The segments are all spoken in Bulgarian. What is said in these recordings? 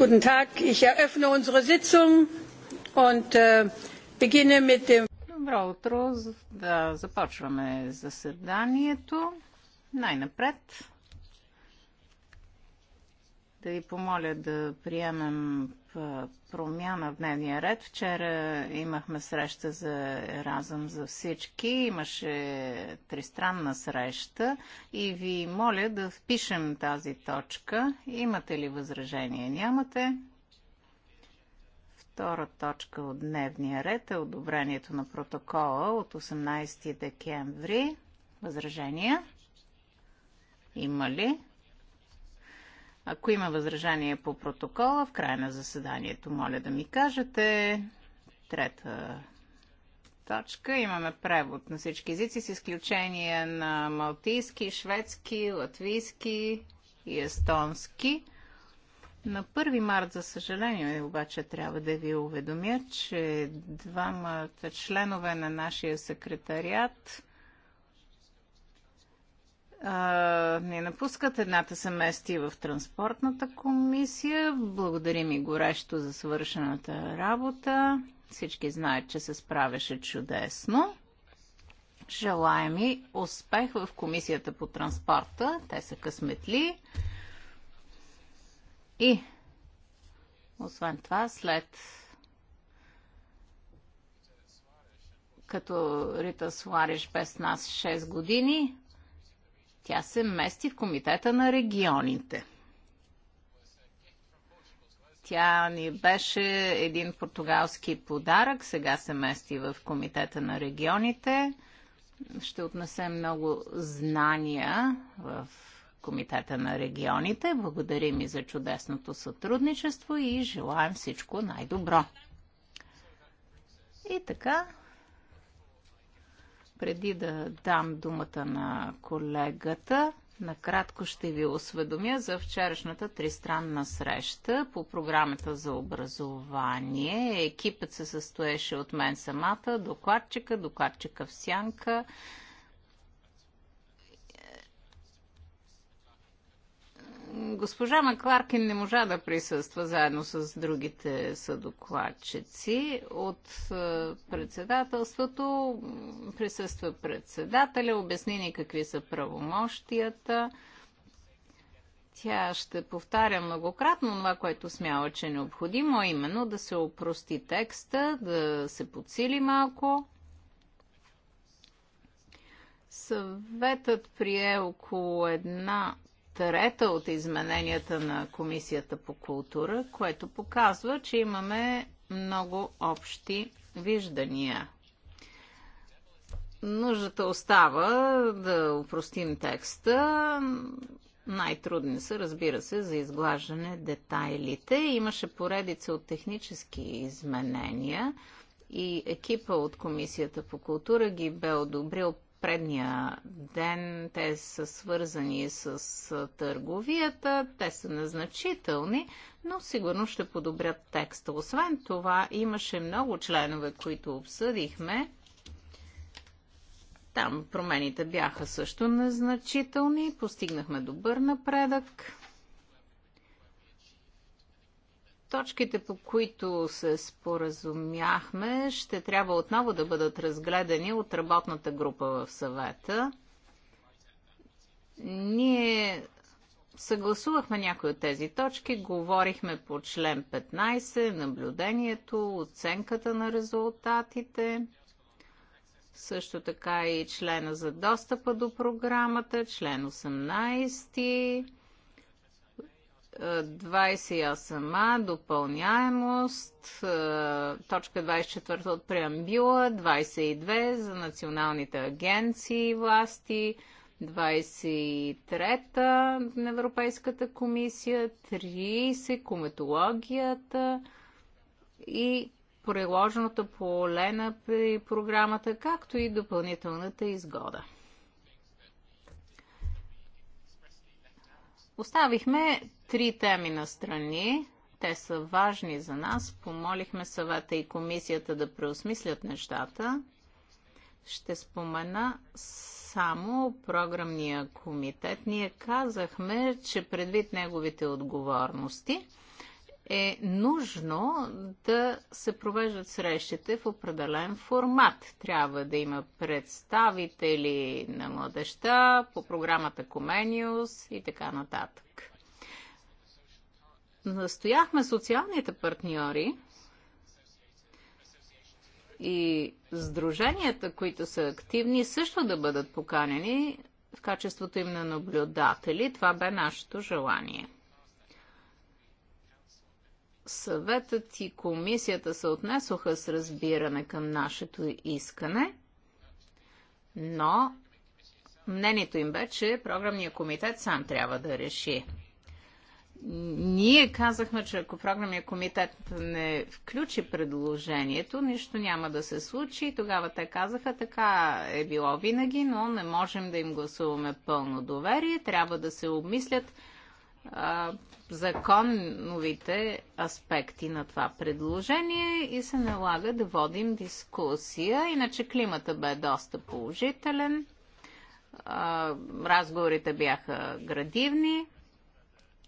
Guten Tag, ich eröffne unsere Sitzung und beginne mit dem Добро утро, да започваме заседанието. Най-напред да ви помоля да приемем промяна в дневния ред. Вчера имахме среща за разъм за всички, имаше тристранна среща и ви моля да впишем тази точка. Имате ли възражение? Нямате. Втора точка от дневния ред е одобрението на протокола от 18 декември. Възражения? Има ли? Ако има възражение по протокола, в края на заседанието моля да ми кажете. Трета точка. Имаме превод на всички езици, с изключение на малтийски, шведски, латвийски и естонски. На 1 март, за съжаление, обаче трябва да ви уведомя, че двамата членове на нашия секретариат не ни напускат. Едната се мести в транспортната комисия. Благодарим и горещо за свършената работа. Всички знаят, че се справяше чудесно. Желаем и успех в комисията по транспорта. Те са късметли. И, освен това, след като Рита Суариш без нас 6 години, тя се мести в Комитета на регионите. Тя ни беше един португалски подарък, сега се мести в Комитета на регионите. Ще отнесем много знания в Комитета на регионите. Благодарим и за чудесното сътрудничество и желаем всичко най-добро. И така, преди да дам думата на колегата, накратко ще ви осведомя за вчерашната тристранна среща по програмата за образование. Екипът се състоеше от мен самата, докладчика, докладчика в сянка, Госпожа Макларкин не можа да присъства заедно с другите съдокладчици от е, председателството. Присъства председателя, обясни ни какви са правомощията. Тя ще повтаря многократно това, което смяла, че е необходимо, именно да се опрости текста, да се подсили малко. Съветът прие около една трета от измененията на Комисията по култура, което показва, че имаме много общи виждания. Нуждата остава да упростим текста. Най-трудни са, разбира се, за изглаждане детайлите. Имаше поредица от технически изменения и екипа от Комисията по култура ги бе одобрил предния ден. Те са свързани с търговията, те са назначителни, но сигурно ще подобрят текста. Освен това, имаше много членове, които обсъдихме. Там промените бяха също незначителни, постигнахме добър напредък. Точките, по които се споразумяхме, ще трябва отново да бъдат разгледани от работната група в съвета. Ние съгласувахме някои от тези точки, говорихме по член 15, наблюдението, оценката на резултатите, също така и члена за достъпа до програмата, член 18 28а, допълняемост, е, точка 24 от преамбюла, 22 за националните агенции и власти, 23-та на Европейската комисия, 30 кометологията и приложеното поле на програмата, както и допълнителната изгода. Оставихме три теми на страни. Те са важни за нас. Помолихме съвета и комисията да преосмислят нещата. Ще спомена само програмния комитет. Ние казахме, че предвид неговите отговорности е нужно да се провеждат срещите в определен формат. Трябва да има представители на младеща по програмата Комениус и така нататък настояхме социалните партньори и сдруженията, които са активни, също да бъдат поканени в качеството им на наблюдатели. Това бе нашето желание. Съветът и комисията се отнесоха с разбиране към нашето искане, но мнението им бе, че програмният комитет сам трябва да реши ние казахме, че ако програмния комитет не включи предложението, нищо няма да се случи. Тогава те казаха, така е било винаги, но не можем да им гласуваме пълно доверие. Трябва да се обмислят а, законовите аспекти на това предложение и се налага да водим дискусия. Иначе климата бе доста положителен. А, разговорите бяха градивни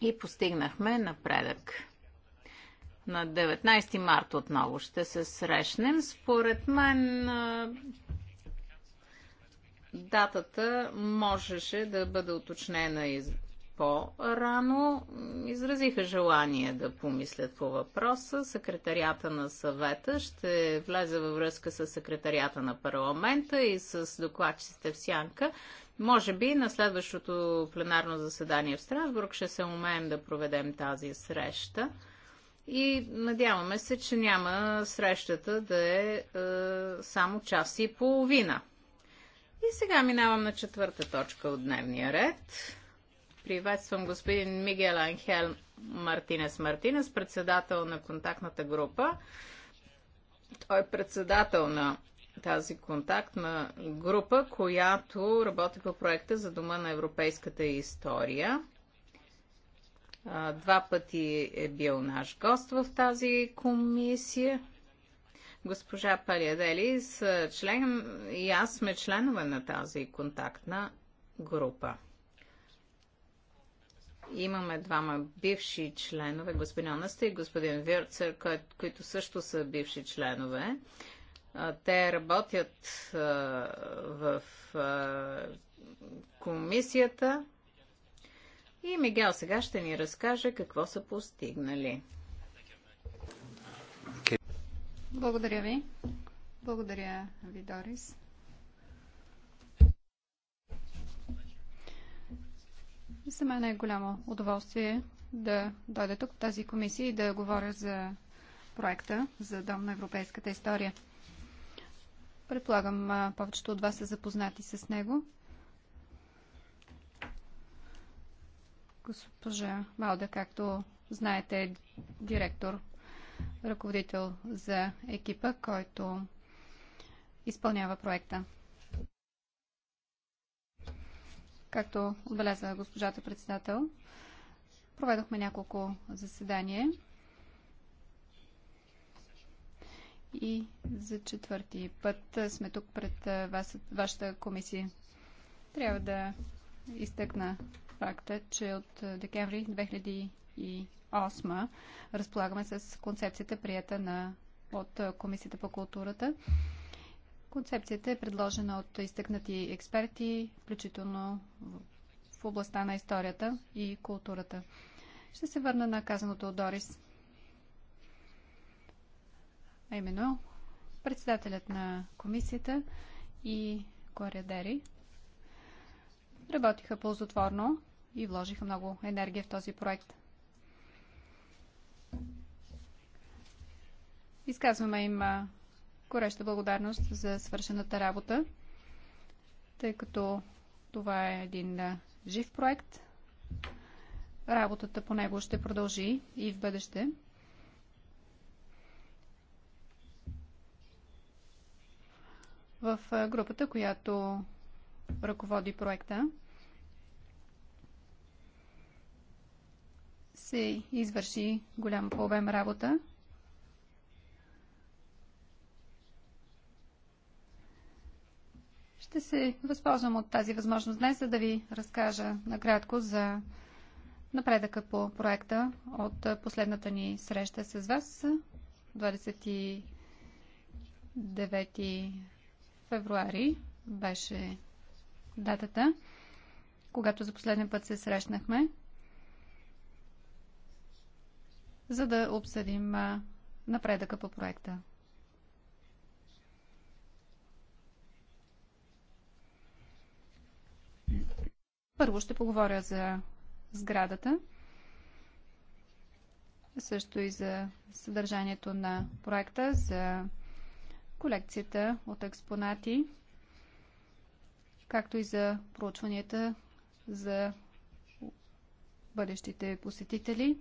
и постигнахме напредък. На 19 март отново ще се срещнем. Според мен датата можеше да бъде уточнена и по-рано. Изразиха желание да помислят по въпроса. Секретарията на съвета ще влезе във връзка с секретарията на парламента и с докладчиците в Сянка може би на следващото пленарно заседание в Страсбург ще се умеем да проведем тази среща. И надяваме се, че няма срещата да е, е само час и половина. И сега минавам на четвърта точка от дневния ред. Приветствам господин Мигел Анхел Мартинес Мартинес, председател на контактната група. Той е председател на тази контактна група, която работи по проекта за Дома на европейската история. Два пъти е бил наш гост в тази комисия. Госпожа Палиадели с член и аз сме членове на тази контактна група. Имаме двама бивши членове, господин Онаста и господин Вирцер, които също са бивши членове. Те работят в комисията и Мигел сега ще ни разкаже какво са постигнали. Благодаря ви. Благодаря ви, Дорис. За мен е голямо удоволствие да дойда тук в тази комисия и да говоря за проекта за Дом на европейската история. Предполагам, повечето от вас са запознати с него. Госпожа Малда, както знаете, е директор, ръководител за екипа, който изпълнява проекта. Както отбеляза госпожата председател, проведохме няколко заседания и за четвърти път сме тук пред вас, вашата комисия. Трябва да изтъкна факта, че от декември 2008 разполагаме с концепцията прията на, от Комисията по културата. Концепцията е предложена от изтъкнати експерти, включително в областта на историята и културата. Ще се върна на казаното от Дорис а именно председателят на комисията и Глория Дери работиха ползотворно и вложиха много енергия в този проект. Изказваме им гореща благодарност за свършената работа, тъй като това е един жив проект. Работата по него ще продължи и в бъдеще. в групата, която ръководи проекта. се извърши голям по обем работа. Ще се възползвам от тази възможност днес, за да ви разкажа накратко за напредъка по проекта от последната ни среща с вас. 29 февруари беше датата, когато за последен път се срещнахме, за да обсъдим напредъка по проекта. Първо ще поговоря за сградата, също и за съдържанието на проекта, за колекцията от експонати, както и за проучванията за бъдещите посетители.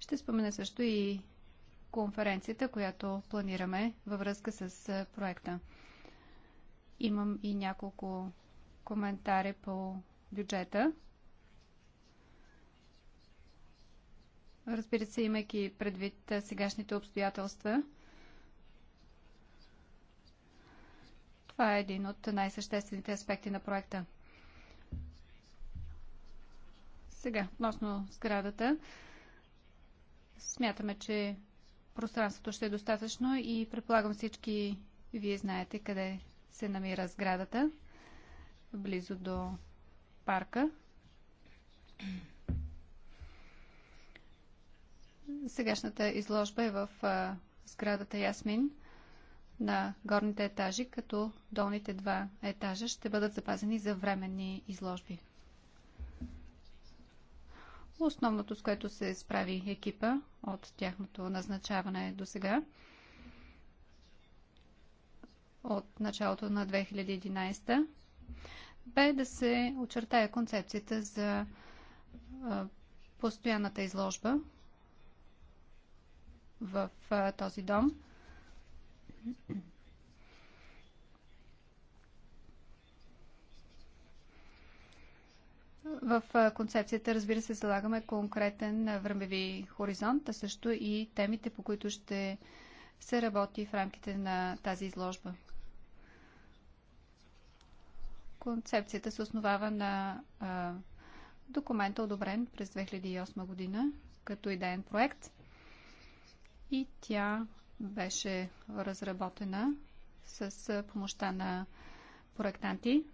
Ще спомена също и конференцията, която планираме във връзка с проекта. Имам и няколко коментари по бюджета. Разбира се, имайки предвид сегашните обстоятелства, това е един от най-съществените аспекти на проекта. Сега, относно сградата, смятаме, че пространството ще е достатъчно и предполагам всички вие знаете къде се намира сградата, близо до парка. Сегашната изложба е в сградата Ясмин на горните етажи, като долните два етажа ще бъдат запазени за временни изложби. Основното, с което се справи екипа от тяхното назначаване до сега, от началото на 2011, бе да се очертая концепцията за постоянната изложба, в този дом. В концепцията, разбира се, залагаме конкретен времеви хоризонт, а също и темите, по които ще се работи в рамките на тази изложба. Концепцията се основава на а, документа, одобрен през 2008 година, като идеен проект – и тя беше разработена с помощта на проектанти.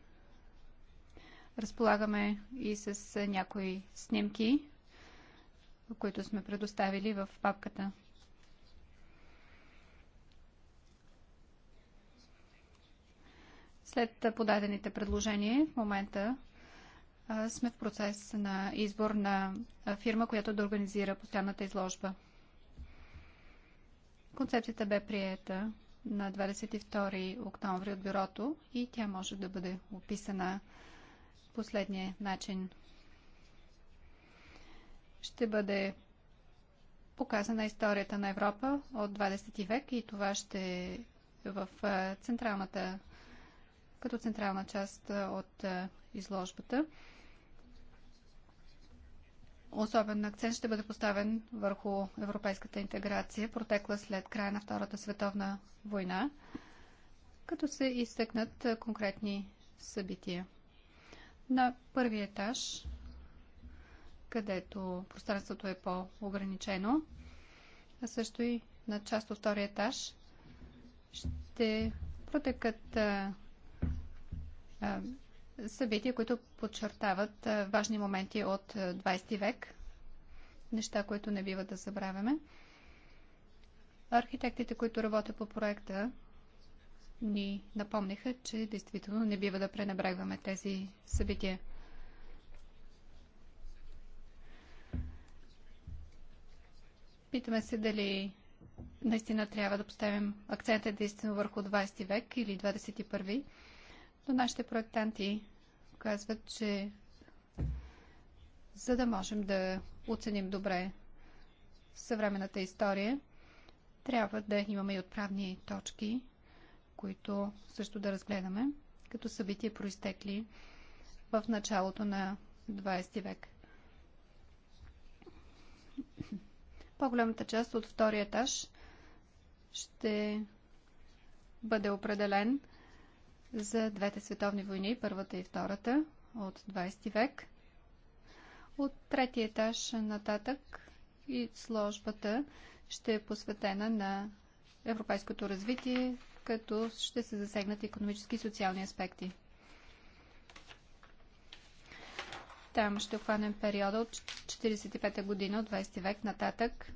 Разполагаме и с някои снимки, които сме предоставили в папката. След подадените предложения, в момента сме в процес на избор на фирма, която да организира постоянната изложба. Концепцията бе приета на 22 октомври от бюрото и тя може да бъде описана последния начин. Ще бъде показана историята на Европа от 20 век и това ще е в централната, като централна част от изложбата. Особен акцент ще бъде поставен върху европейската интеграция, протекла след края на Втората световна война, като се изтъкнат конкретни събития. На първи етаж, където пространството е по-ограничено, а също и на част от втория етаж ще протекат а, а, събития, които подчертават е, важни моменти от 20 е, век, неща, които не бива да забравяме. Архитектите, които работят по проекта, ни напомниха, че действително не бива да пренебрегваме тези събития. Питаме се дали наистина трябва да поставим акцента единствено върху 20 век или 21. Но нашите проектанти показват, че за да можем да оценим добре съвременната история, трябва да имаме и отправни точки, които също да разгледаме като събития, проистекли в началото на 20 век. По-голямата част от втория етаж ще бъде определен – за двете световни войни, първата и втората от 20 век. От третия етаж нататък и сложбата ще е посветена на европейското развитие, като ще се засегнат економически и социални аспекти. Там ще обхванем периода от 45-та година от 20 век нататък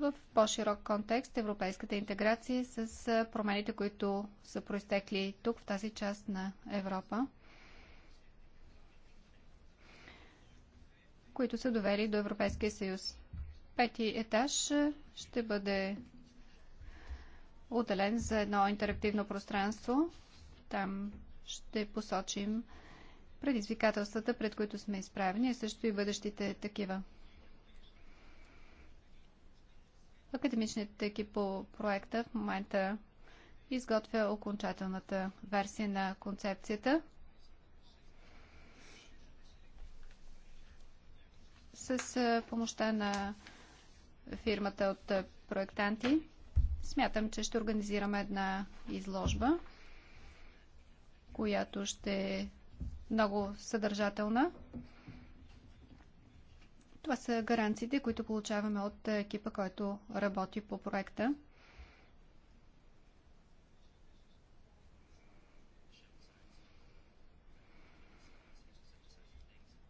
в по-широк контекст европейската интеграция с промените, които са проистекли тук в тази част на Европа, които са довели до Европейския съюз. Пети етаж ще бъде отделен за едно интерактивно пространство. Там ще посочим предизвикателствата, пред които сме изправени, а също и бъдещите такива. Академичният екип по проекта в момента изготвя окончателната версия на концепцията. С помощта на фирмата от проектанти смятам, че ще организираме една изложба, която ще е много съдържателна. Това са гаранциите, които получаваме от екипа, който работи по проекта.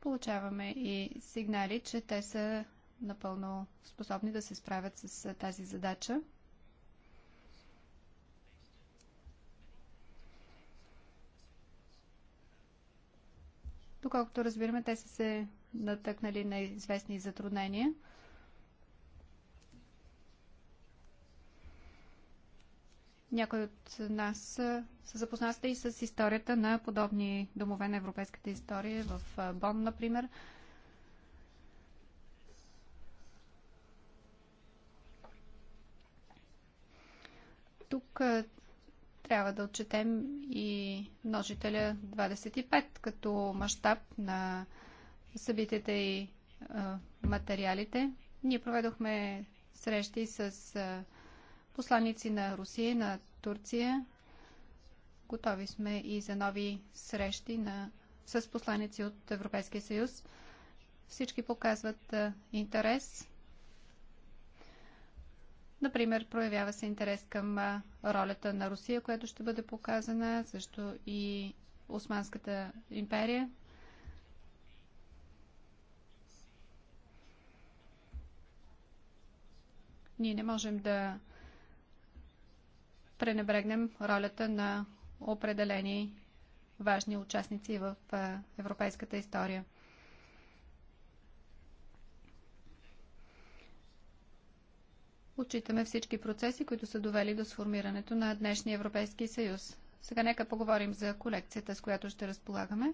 Получаваме и сигнали, че те са напълно способни да се справят с тази задача. Доколкото разбираме, те са се натъкнали на известни затруднения. Някой от нас са запознати и с историята на подобни домове на европейската история в Бон, например. Тук трябва да отчетем и множителя 25 като мащаб на събитията и а, материалите. Ние проведохме срещи с а, посланици на Русия, на Турция. Готови сме и за нови срещи на, с посланици от Европейския съюз. Всички показват а, интерес. Например, проявява се интерес към а, ролята на Русия, която ще бъде показана, също и Османската империя. Ние не можем да пренебрегнем ролята на определени важни участници в европейската история. Отчитаме всички процеси, които са довели до сформирането на днешния Европейски съюз. Сега нека поговорим за колекцията, с която ще разполагаме.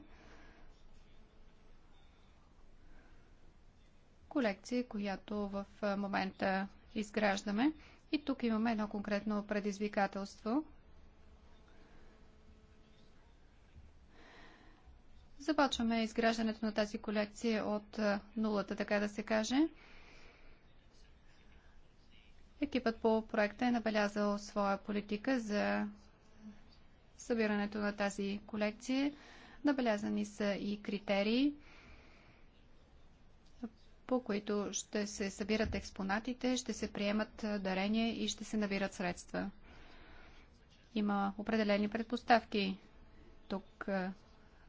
Колекция, която в момента изграждаме. И тук имаме едно конкретно предизвикателство. Започваме изграждането на тази колекция от нулата, така да се каже. Екипът по проекта е набелязал своя политика за събирането на тази колекция. Набелязани са и критерии – по които ще се събират експонатите, ще се приемат дарения и ще се набират средства. Има определени предпоставки. Тук,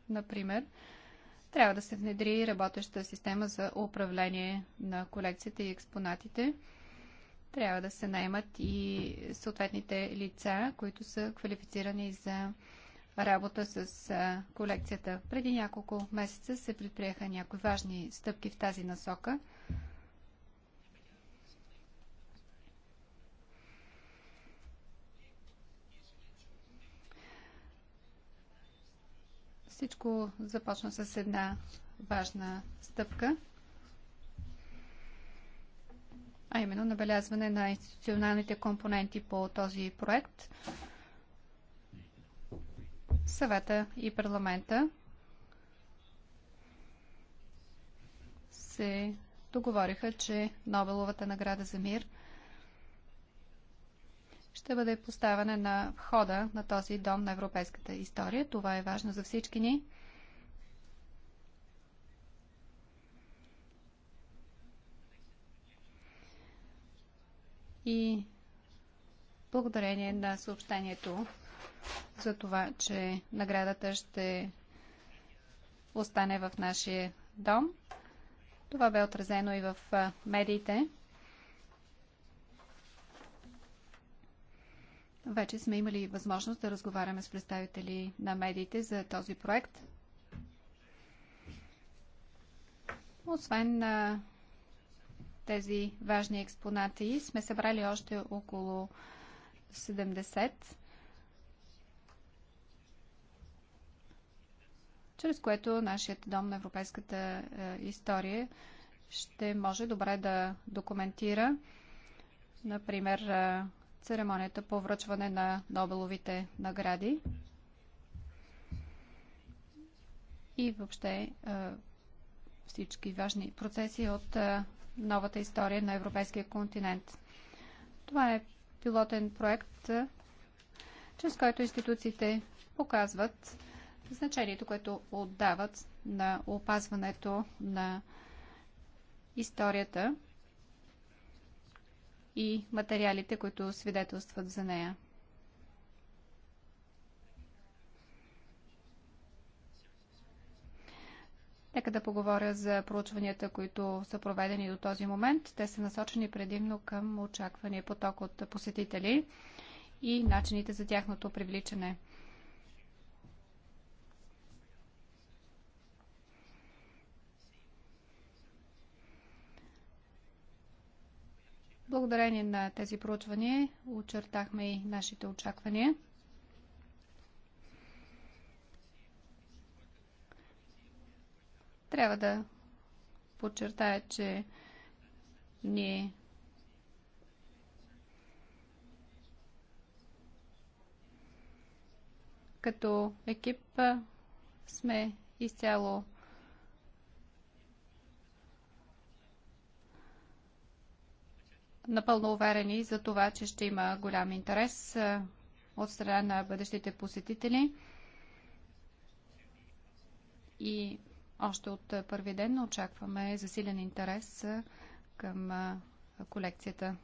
например, трябва да се внедри работеща система за управление на колекцията и експонатите. Трябва да се наймат и съответните лица, които са квалифицирани за работа с колекцията. Преди няколко месеца се предприеха някои важни стъпки в тази насока. Всичко започна с една важна стъпка, а именно набелязване на институционалните компоненти по този проект – съвета и парламента се договориха, че Нобеловата награда за мир ще бъде поставена на входа на този дом на европейската история. Това е важно за всички ни. И благодарение на съобщението за това, че наградата ще остане в нашия дом. Това бе отразено и в медиите. Вече сме имали възможност да разговаряме с представители на медиите за този проект. Освен на тези важни експонати, сме събрали още около 70 чрез което нашият дом на европейската е, история ще може добре да документира, например, е, церемонията по връчване на Нобеловите награди и въобще е, всички важни процеси от новата история на европейския континент. Това е пилотен проект, чрез който институциите показват значението, което отдават на опазването на историята и материалите, които свидетелстват за нея. Нека да поговоря за проучванията, които са проведени до този момент. Те са насочени предимно към очаквания поток от посетители и начините за тяхното привличане. Благодарение на тези проучвания очертахме и нашите очаквания. Трябва да подчертая, че ние като екип сме изцяло напълно уверени за това, че ще има голям интерес е, от страна на бъдещите посетители. И още от първи ден очакваме засилен интерес е, към е, колекцията.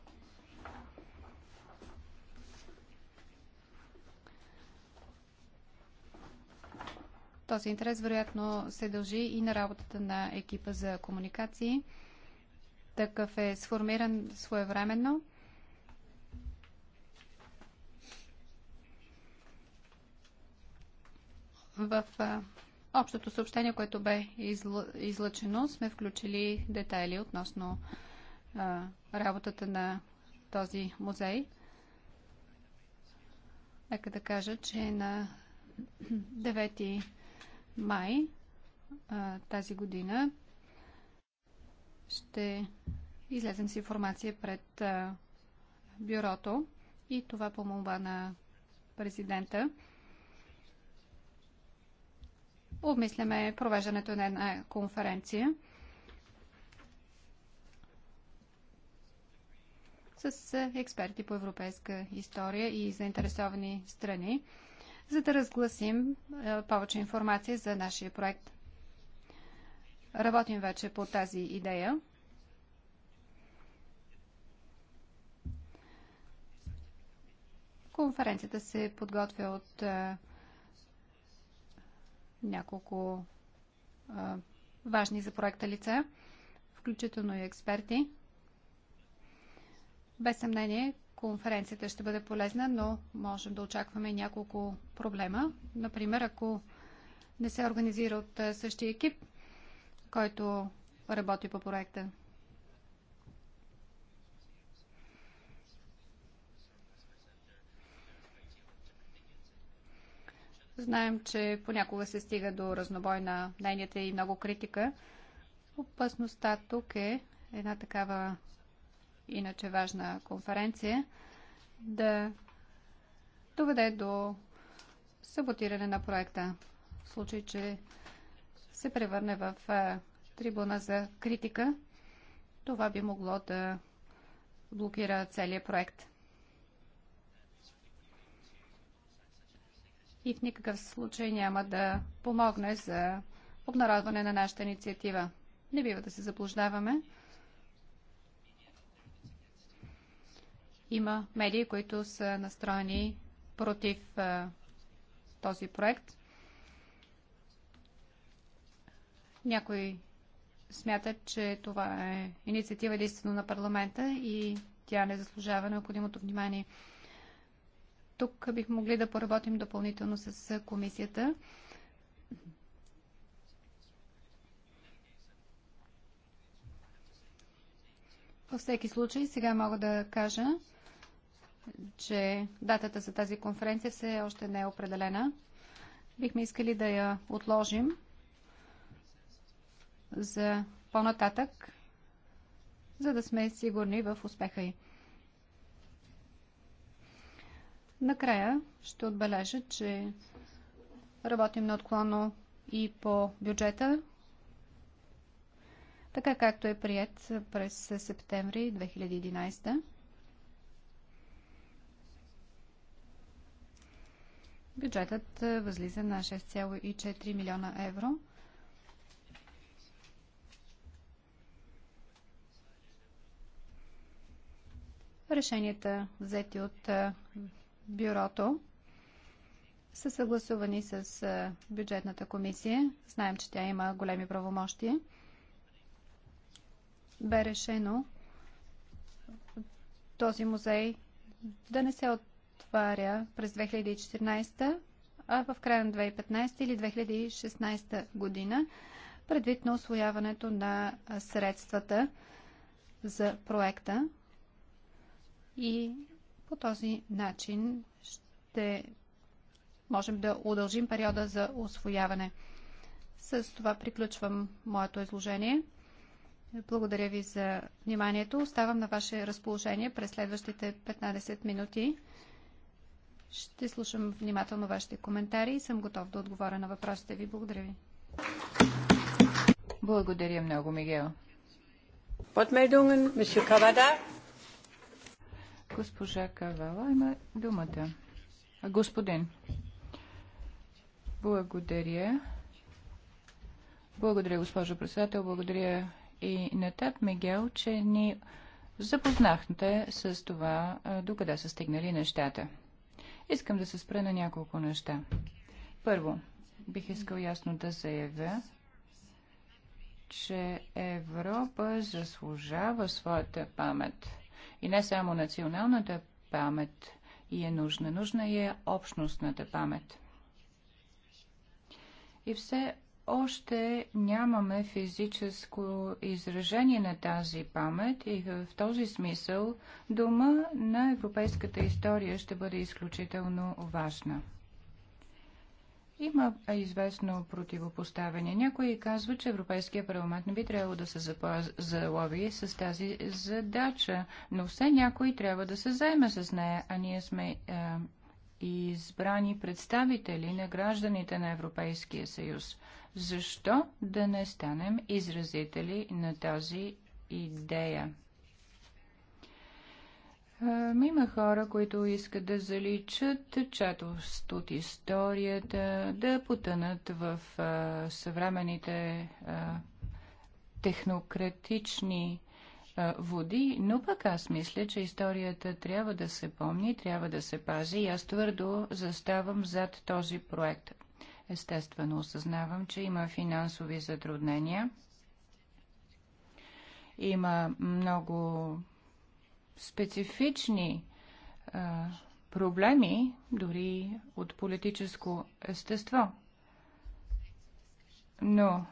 Този интерес вероятно се дължи и на работата на екипа за комуникации. Такъв е сформиран своевременно. В общото съобщение, което бе излъчено, сме включили детайли относно а, работата на този музей. Нека да кажа, че на 9 май а, тази година ще излезем с информация пред бюрото и това по молба на президента. Обмисляме провеждането на една конференция с експерти по европейска история и заинтересовани страни, за да разгласим повече информация за нашия проект. Работим вече по тази идея. Конференцията се подготвя от а, е, няколко а, е, важни за проекта лица, включително и експерти. Без съмнение, конференцията ще бъде полезна, но можем да очакваме няколко проблема. Например, ако не се организира от е, същия екип, който работи по проекта. Знаем, че понякога се стига до разнобой на мненията и много критика. Опасността тук е една такава иначе важна конференция да доведе до саботиране на проекта, в случай, че се превърне в трибуна за критика, това би могло да блокира целия проект. И в никакъв случай няма да помогне за обнародване на нашата инициатива. Не бива да се заблуждаваме. Има медии, които са настроени против този проект. Някои смятат, че това е инициатива единствено на парламента и тя не заслужава необходимото внимание. Тук бих могли да поработим допълнително с комисията. Във всеки случай, сега мога да кажа, че датата за тази конференция все още не е определена. Бихме искали да я отложим за по-нататък, за да сме сигурни в успеха й. Накрая ще отбележа, че работим неотклонно и по бюджета, така както е прият през септември 2011. Бюджетът възлиза на 6,4 милиона евро – Решенията, взети от бюрото, са съгласувани с бюджетната комисия. Знаем, че тя има големи правомощия. Бе решено този музей да не се отваря през 2014, а в края на 2015 или 2016 година, предвид на освояването на средствата за проекта и по този начин ще можем да удължим периода за освояване. С това приключвам моето изложение. Благодаря ви за вниманието. Оставам на ваше разположение през следващите 15 минути. Ще слушам внимателно вашите коментари и съм готов да отговоря на въпросите ви. Благодаря ви. Благодаря много, Мигел. Подмелдungen, мисю Кавада. Госпожа Кавала има думата. Господин, благодаря. Благодаря, госпожо председател. Благодаря и на теб, Мигел, че ни запознахте с това, докъде са стигнали нещата. Искам да се спра на няколко неща. Първо, бих искал ясно да заявя, че Европа заслужава своята памет – и не само националната памет и е нужна. Нужна е общностната памет. И все още нямаме физическо изражение на тази памет и в този смисъл дума на европейската история ще бъде изключително важна. Има известно противопоставяне. Някои казват, че Европейския парламент не би трябвало да се залови с тази задача, но все някой трябва да се заеме с нея, а ние сме е, избрани представители на гражданите на Европейския съюз. Защо да не станем изразители на тази идея? има хора, които искат да заличат чатост от историята, да потънат в съвременните технократични води, но пък аз мисля, че историята трябва да се помни, трябва да се пази и аз твърдо заставам зад този проект. Естествено осъзнавам, че има финансови затруднения. Има много специфични а, проблеми, дори от политическо естество. Но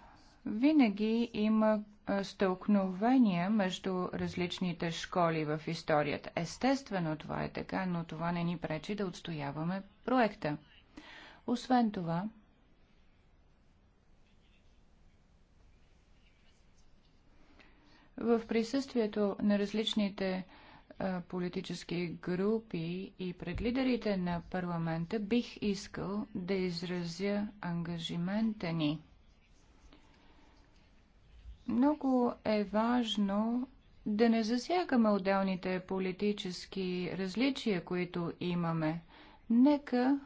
винаги има стълкновения между различните школи в историята. Естествено това е така, но това не ни пречи да отстояваме проекта. Освен това, в присъствието на различните политически групи и пред лидерите на парламента бих искал да изразя ангажимента ни. Много е важно да не засягаме отделните политически различия, които имаме. Нека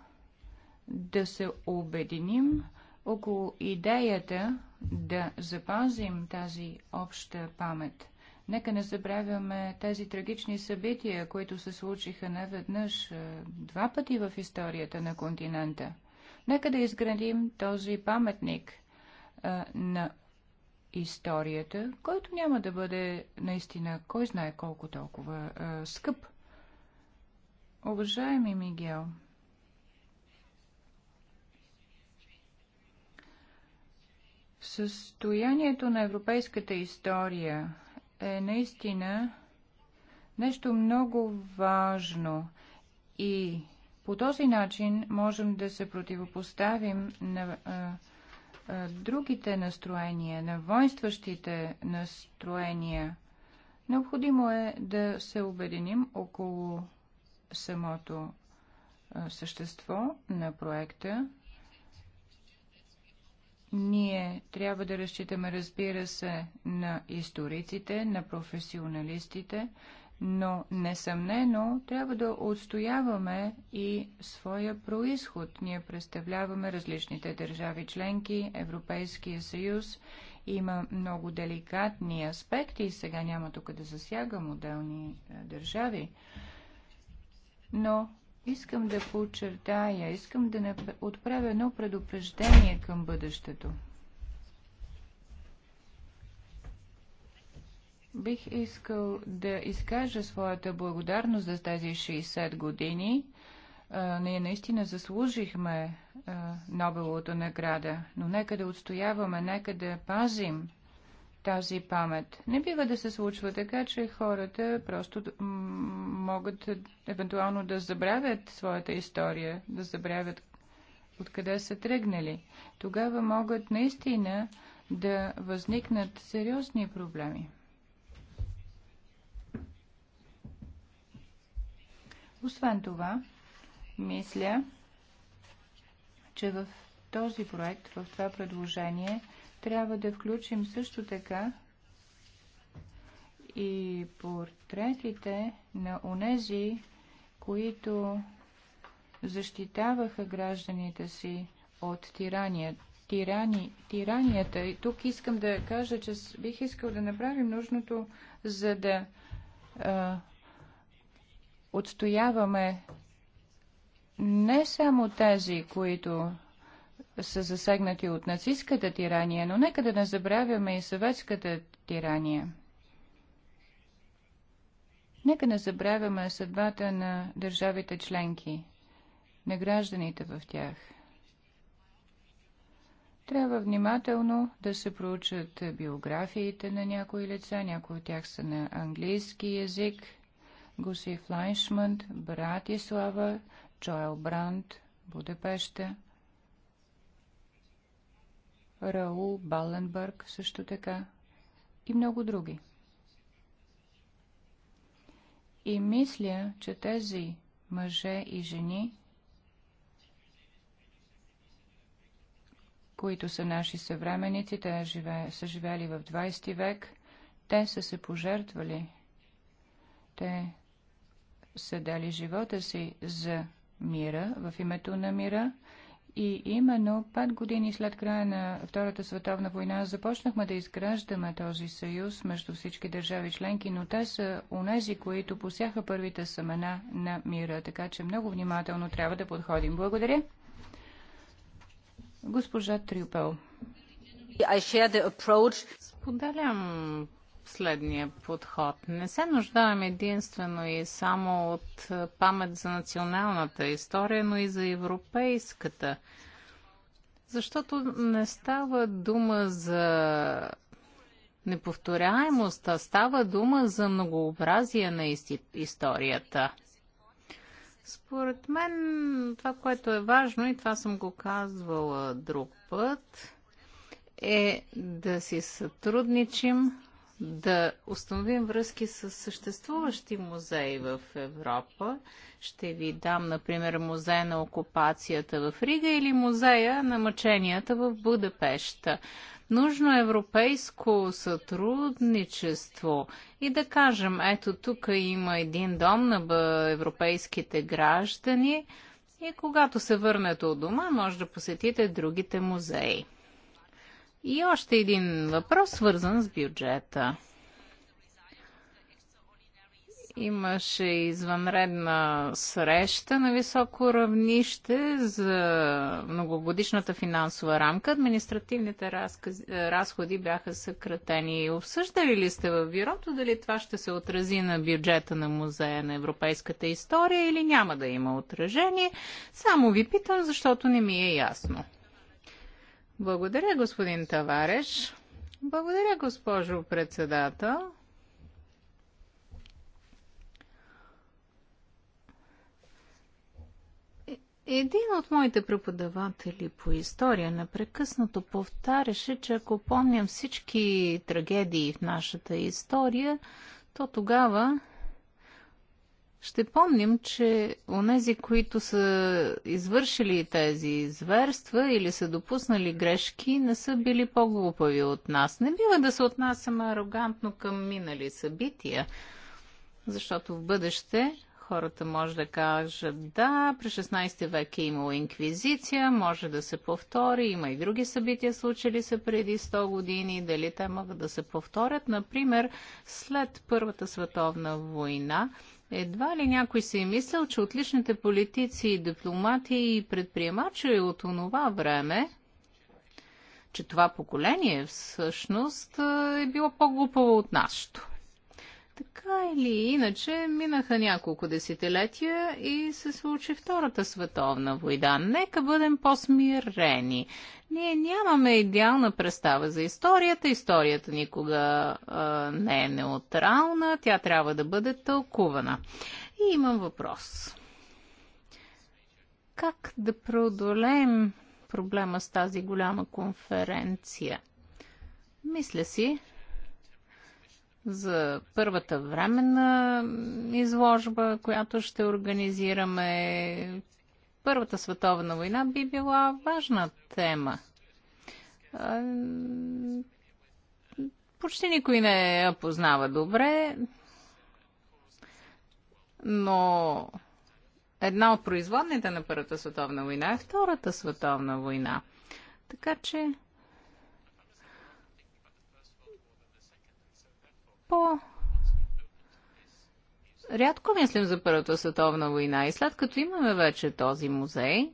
да се обединим около идеята да запазим тази обща памет – Нека не забравяме тези трагични събития, които се случиха не веднъж, е, два пъти в историята на континента. Нека да изградим този паметник а, е, на историята, който няма да бъде наистина кой знае колко толкова а, е, скъп. Уважаеми Мигел, състоянието на европейската история е наистина нещо много важно и по този начин можем да се противопоставим на а, а, другите настроения, на воинстващите настроения. Необходимо е да се обединим около самото а, същество на проекта ние трябва да разчитаме, разбира се, на историците, на професионалистите, но несъмнено трябва да отстояваме и своя происход. Ние представляваме различните държави членки, Европейския съюз. Има много деликатни аспекти, сега няма тук да засягам отделни държави, но Искам да подчертая, искам да отправя едно предупреждение към бъдещето. Бих искал да изкажа своята благодарност за тези 60 години. Ние наистина заслужихме Нобеловата награда, но нека да отстояваме, нека да пазим тази памет. Не бива да се случва така, че хората просто могат евентуално да забравят своята история, да забравят откъде са тръгнали. Тогава могат наистина да възникнат сериозни проблеми. Освен това, мисля, че в този проект, в това предложение, трябва да включим също така и портретите на онези, които защитаваха гражданите си от тирания. Тирани, тиранията. И тук искам да кажа, че бих искал да направим нужното, за да а, отстояваме не само тези, които са засегнати от нацистската тирания, но нека да не забравяме и съветската тирания. Нека не забравяме съдбата на държавите членки, на гражданите в тях. Трябва внимателно да се проучат биографиите на някои лица, някои от тях са на английски язик, Гуси Флайншмант, Братислава, Джоел Бранд, Будапеща. Раул Баленбърг също така и много други. И мисля, че тези мъже и жени, които са наши съвременици, те са живели в 20 век, те са се пожертвали. Те са дали живота си за мира, в името на мира и именно пет години след края на Втората световна война започнахме да изграждаме този съюз между всички държави членки, но те са унези, които посяха първите семена на мира. Така че много внимателно трябва да подходим. Благодаря. Госпожа Трюпел. Споделям следния подход. Не се нуждаем единствено и само от памет за националната история, но и за европейската. Защото не става дума за неповторяемост, а става дума за многообразие на историята. Според мен това, което е важно, и това съм го казвала друг път, е да си сътрудничим да установим връзки с съществуващи музеи в Европа. Ще ви дам, например, музея на окупацията в Рига или музея на мъченията в Будапешта. Нужно европейско сътрудничество и да кажем, ето тук има един дом на европейските граждани и когато се върнете от дома, може да посетите другите музеи. И още един въпрос, свързан с бюджета. Имаше извънредна среща на високо равнище за многогодишната финансова рамка. Административните разходи бяха съкратени. Обсъждали ли сте в бюрото дали това ще се отрази на бюджета на Музея на европейската история или няма да има отражение? Само ви питам, защото не ми е ясно. Благодаря, господин Тавареш. Благодаря, госпожо председател. Един от моите преподаватели по история непрекъснато повтаряше, че ако помням всички трагедии в нашата история, то тогава ще помним, че онези, които са извършили тези зверства или са допуснали грешки, не са били по-глупави от нас. Не бива да се отнасяме арогантно към минали събития, защото в бъдеще хората може да кажат да, през 16 век е имало инквизиция, може да се повтори, има и други събития случили се преди 100 години, дали те могат да се повторят. Например, след Първата световна война едва ли някой се е мислил, че отличните политици, дипломати и предприемачи от онова време, че това поколение всъщност е било по-глупаво от нашето. Така или иначе, минаха няколко десетилетия и се случи Втората световна война. Нека бъдем по-смирени. Ние нямаме идеална представа за историята. Историята никога а, не е неутрална. Тя трябва да бъде тълкувана. И имам въпрос. Как да преодолеем проблема с тази голяма конференция? Мисля си, за първата временна изложба, която ще организираме. Първата световна война би била важна тема. Почти никой не я познава добре, но една от производните на Първата световна война е Втората световна война. Така че по рядко мислим за Първата световна война и след като имаме вече този музей,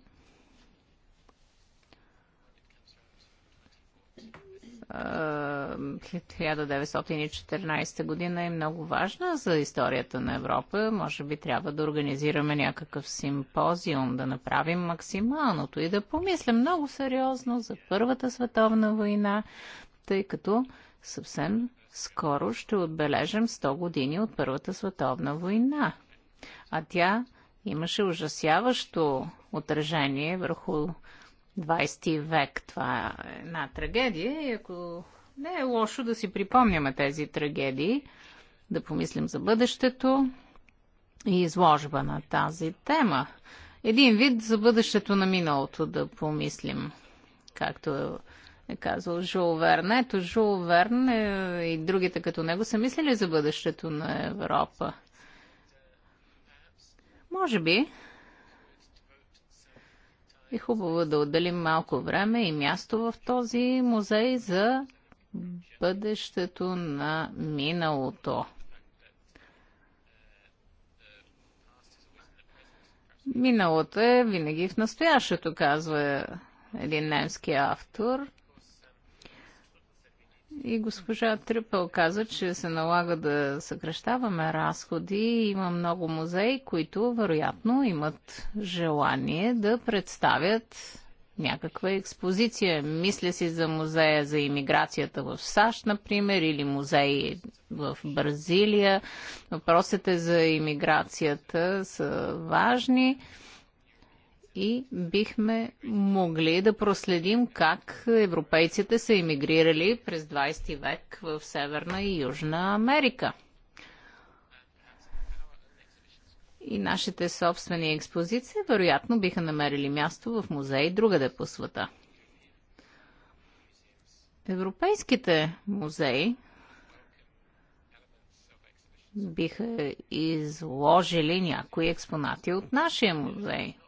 Uh, 1914 година е много важна за историята на Европа. Може би трябва да организираме някакъв симпозиум, да направим максималното и да помислим много сериозно за Първата световна война, тъй като съвсем скоро ще отбележим 100 години от Първата световна война. А тя имаше ужасяващо отражение върху 20 век. Това е една трагедия и ако не е лошо да си припомняме тези трагедии, да помислим за бъдещето и изложба на тази тема. Един вид за бъдещето на миналото да помислим, както е казал Жул Верн. Ето Жул Верн е, и другите като него са мислили за бъдещето на Европа. Може би е хубаво да отделим малко време и място в този музей за бъдещето на миналото. Миналото е винаги в настоящето, казва един немски автор. И госпожа Трюпел каза, че се налага да съкрещаваме разходи. Има много музеи, които вероятно имат желание да представят някаква експозиция. Мисля си за музея за иммиграцията в САЩ, например, или музеи в Бразилия. Въпросите за иммиграцията са важни и бихме могли да проследим как европейците са емигрирали през 20 век в Северна и Южна Америка. И нашите собствени експозиции вероятно биха намерили място в музеи другаде по света. Европейските музеи биха изложили някои експонати от нашия музей –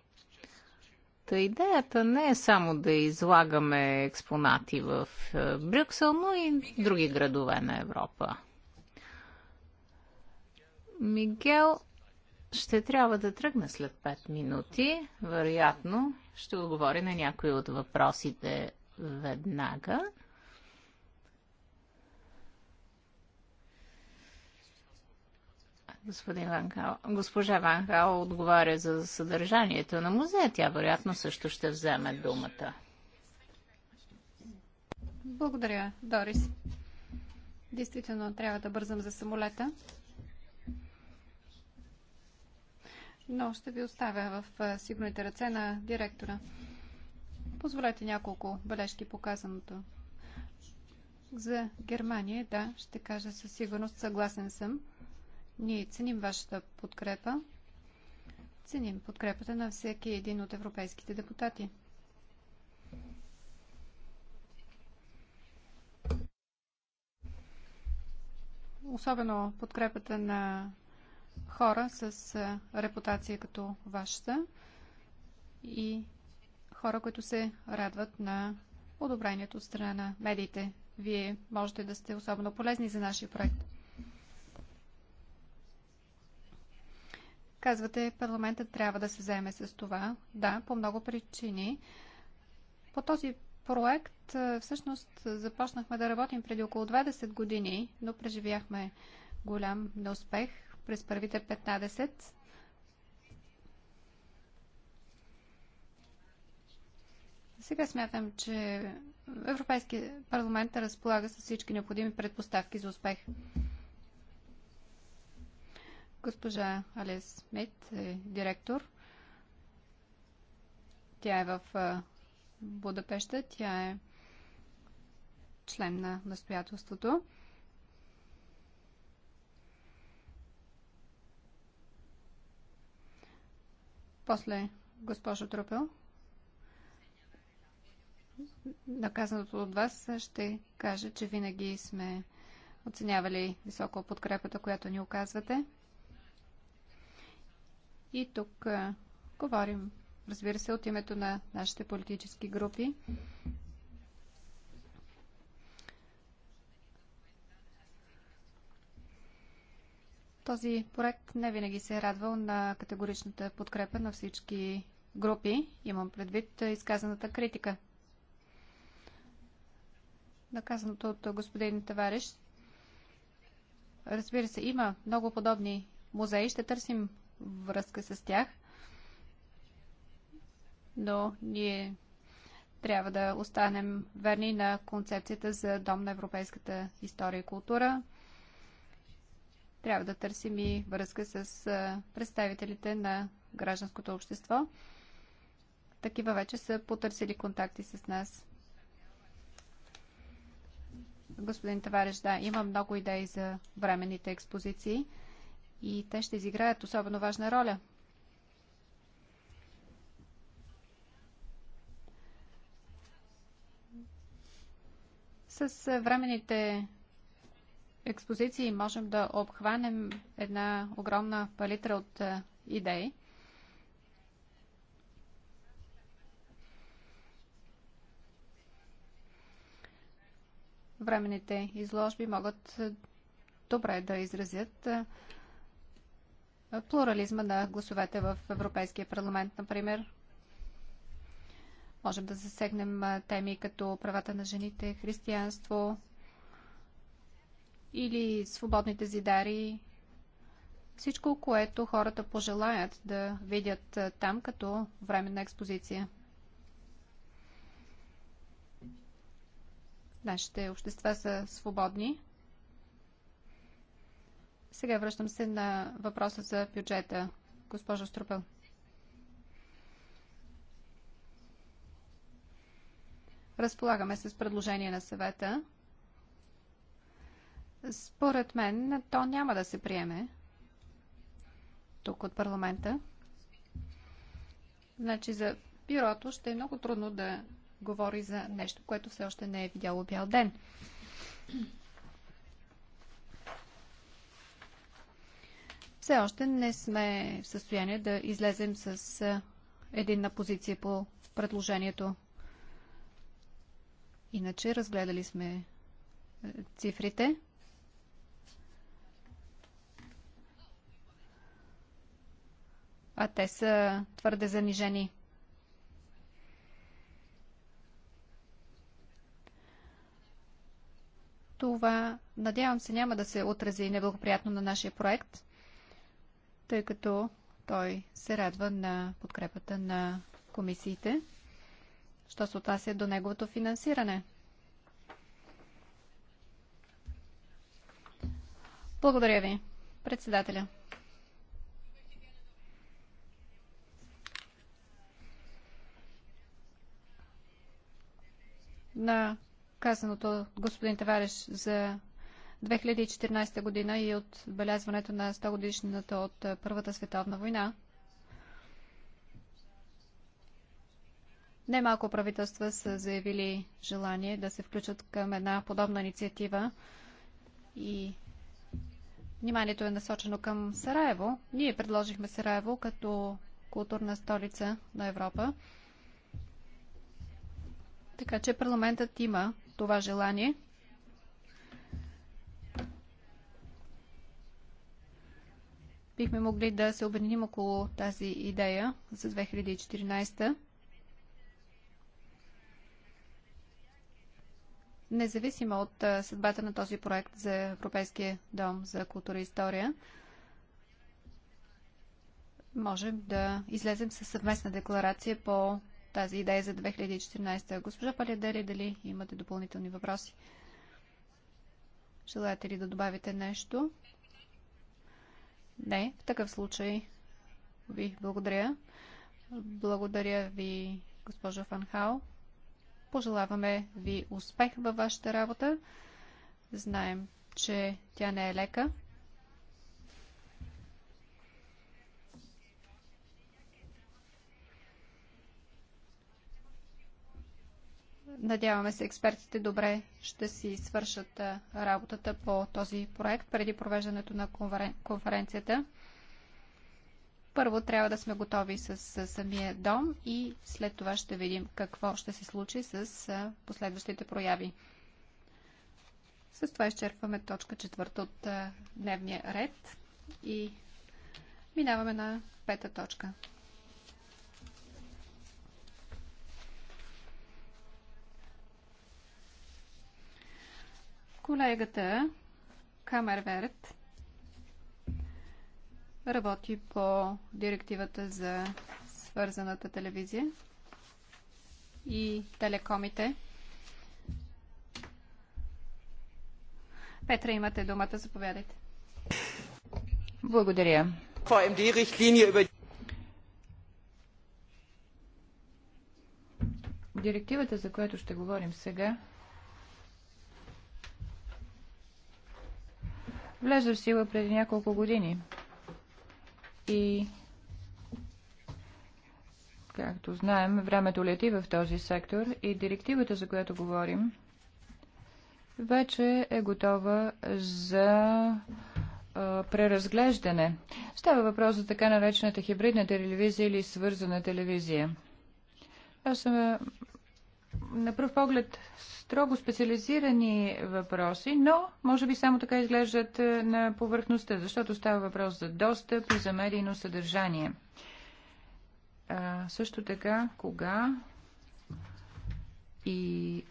Та идеята не е само да излагаме експонати в е, Брюксел, но и други градове на Европа. Мигел ще трябва да тръгне след 5 минути. Вероятно ще отговори на някои от въпросите веднага. Господин Ванхал, госпожа Ванхал отговаря за съдържанието на музея. Тя вероятно също ще вземе думата. Благодаря, Дорис. Действително трябва да бързам за самолета. Но ще ви оставя в сигурните ръце на директора. Позволете няколко бележки по казаното. За Германия, да, ще кажа със сигурност, съгласен съм. Ние ценим вашата подкрепа. Ценим подкрепата на всеки един от европейските депутати. Особено подкрепата на хора с репутация като вашата и хора, които се радват на одобрението от страна на медиите. Вие можете да сте особено полезни за нашия проект. Казвате, парламентът трябва да се вземе с това. Да, по много причини. По този проект всъщност започнахме да работим преди около 20 години, но преживяхме голям неуспех през първите 15. Сега смятам, че Европейския парламент разполага с всички необходими предпоставки за успех. Госпожа Алес Мет е директор. Тя е в Будапеща. Тя е член на настоятелството. После госпожо Трупел. Наказаното от вас ще кажа, че винаги сме оценявали високо подкрепата, която ни оказвате. И тук а, говорим, разбира се, от името на нашите политически групи. Този проект не винаги се е радвал на категоричната подкрепа на всички групи. Имам предвид изказаната критика. Наказаното от господин Тавариш. Разбира се, има много подобни музеи. Ще търсим връзка с тях. Но ние трябва да останем верни на концепцията за Дом на европейската история и култура. Трябва да търсим и връзка с представителите на гражданското общество. Такива вече са потърсили контакти с нас. Господин Товариш, да, има много идеи за временните експозиции и те ще изиграят особено важна роля. С временните експозиции можем да обхванем една огромна палитра от е, идеи. Временните изложби могат е, добре да изразят е, плурализма на гласовете в Европейския парламент, например. Можем да засегнем теми като правата на жените, християнство или свободните зидари. Всичко, което хората пожелаят да видят там като временна експозиция. Нашите общества са свободни. Сега връщам се на въпроса за бюджета. Госпожо Струпел. Разполагаме с предложение на съвета. Според мен, то няма да се приеме тук от парламента. Значи за бюрото ще е много трудно да говори за нещо, което все още не е видяло бял ден. все още не сме в състояние да излезем с единна позиция по предложението. Иначе разгледали сме цифрите. А те са твърде занижени. Това, надявам се, няма да се отрази неблагоприятно на нашия проект – тъй като той се радва на подкрепата на комисиите, що се отнася до неговото финансиране. Благодаря ви, председателя. На казаното господин Тавареш за 2014 година и от белязването на 100 годишната от Първата световна война. Немалко правителства са заявили желание да се включат към една подобна инициатива и вниманието е насочено към Сараево. Ние предложихме Сараево като културна столица на Европа. Така че парламентът има това желание – бихме могли да се обединим около тази идея за 2014. Независимо от съдбата на този проект за Европейския дом за култура и история, можем да излезем със съвместна декларация по тази идея за 2014. Госпожа Палядери, дали имате допълнителни въпроси? Желаете ли да добавите нещо? Не, в такъв случай ви благодаря. Благодаря ви, госпожо Фанхао. Пожелаваме ви успех във вашата работа. Знаем, че тя не е лека. Надяваме се експертите добре ще си свършат работата по този проект преди провеждането на конференцията. Първо трябва да сме готови с самия дом и след това ще видим какво ще се случи с последващите прояви. С това изчерпваме точка четвърта от дневния ред и минаваме на пета точка. Колегата Камерверт работи по директивата за свързаната телевизия и телекомите. Петра, имате думата, заповядайте. Благодаря. Директивата, за която ще говорим сега, влезе в сила преди няколко години. И Както знаем, времето лети в този сектор и директивата, за която говорим, вече е готова за а, преразглеждане. Става въпрос за така наречената хибридна телевизия или свързана телевизия. Аз съм на пръв поглед строго специализирани въпроси, но може би само така изглеждат е, на повърхността, защото става въпрос за достъп и за медийно съдържание. А, също така, кога и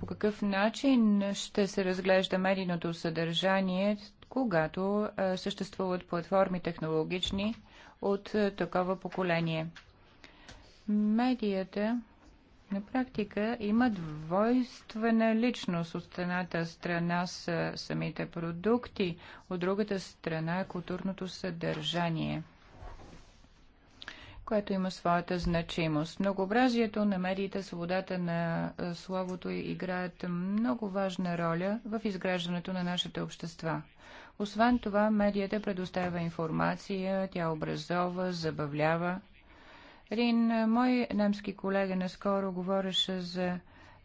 по какъв начин ще се разглежда медийното съдържание, когато а, е, съществуват платформи технологични от а, е, такова поколение? Медията на практика има двойствена личност. От едната страна са самите продукти, от другата страна е културното съдържание което има своята значимост. Многообразието на медиите, свободата на е, словото играят много важна роля в изграждането на нашите общества. Освен това, медията предоставя информация, тя образова, забавлява един мой немски колега наскоро говореше за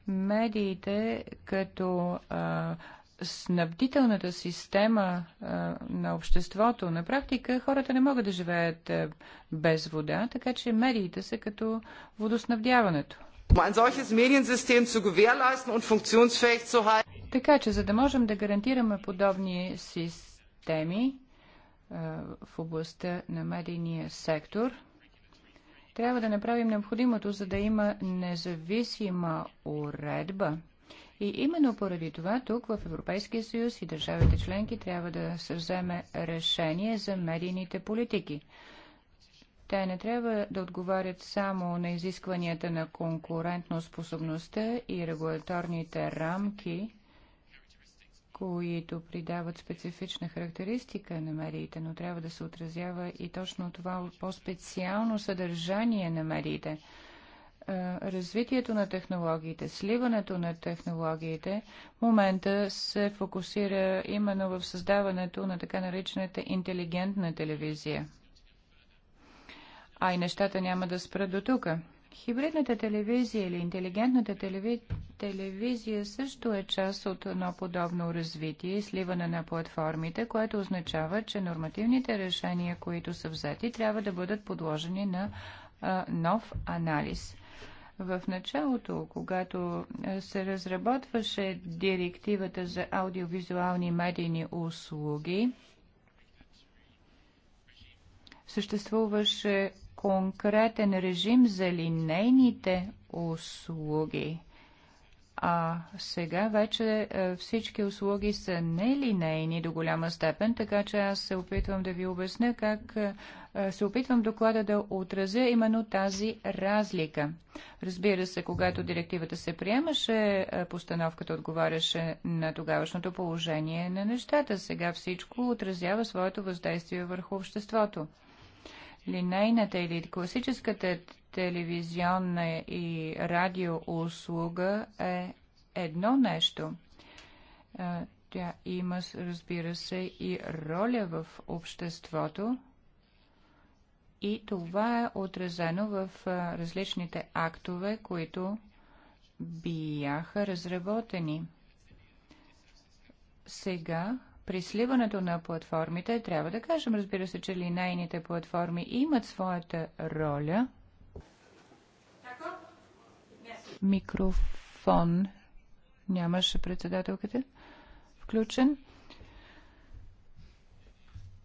медиите като а, снабдителната система а, на обществото. На практика хората не могат да живеят а, без вода, така че медиите са като водоснабдяването. Така че, за да можем да гарантираме подобни системи а, в областта на медийния сектор – трябва да направим необходимото, за да има независима уредба. И именно поради това тук в Европейския съюз и държавите членки трябва да се вземе решение за медийните политики. Те не трябва да отговарят само на изискванията на конкурентно способността и регулаторните рамки, които придават специфична характеристика на медиите, но трябва да се отразява и точно това по-специално съдържание на медиите. Е, развитието на технологиите, сливането на технологиите в момента се фокусира именно в създаването на така наречената интелигентна телевизия. А и нещата няма да спрат до тук. Хибридната телевизия или интелигентната телевизия телевизия също е част от едно подобно развитие и сливане на платформите, което означава, че нормативните решения, които са взети, трябва да бъдат подложени на а, нов анализ. В началото, когато се разработваше директивата за аудиовизуални медийни услуги, съществуваше конкретен режим за линейните услуги. А сега вече е, всички услуги са нелинейни до голяма степен, така че аз се опитвам да ви обясня как е, е, се опитвам доклада да отразя именно тази разлика. Разбира се, когато директивата се приемаше, постановката отговаряше на тогавашното положение на нещата. Сега всичко отразява своето въздействие върху обществото линейната или класическата телевизионна и радио услуга е едно нещо. Тя има, разбира се, и роля в обществото. И това е отразено в различните актове, които бяха разработени. Сега при сливането на платформите, трябва да кажем, разбира се, че линейните платформи имат своята роля. Микрофон нямаше председателката включен.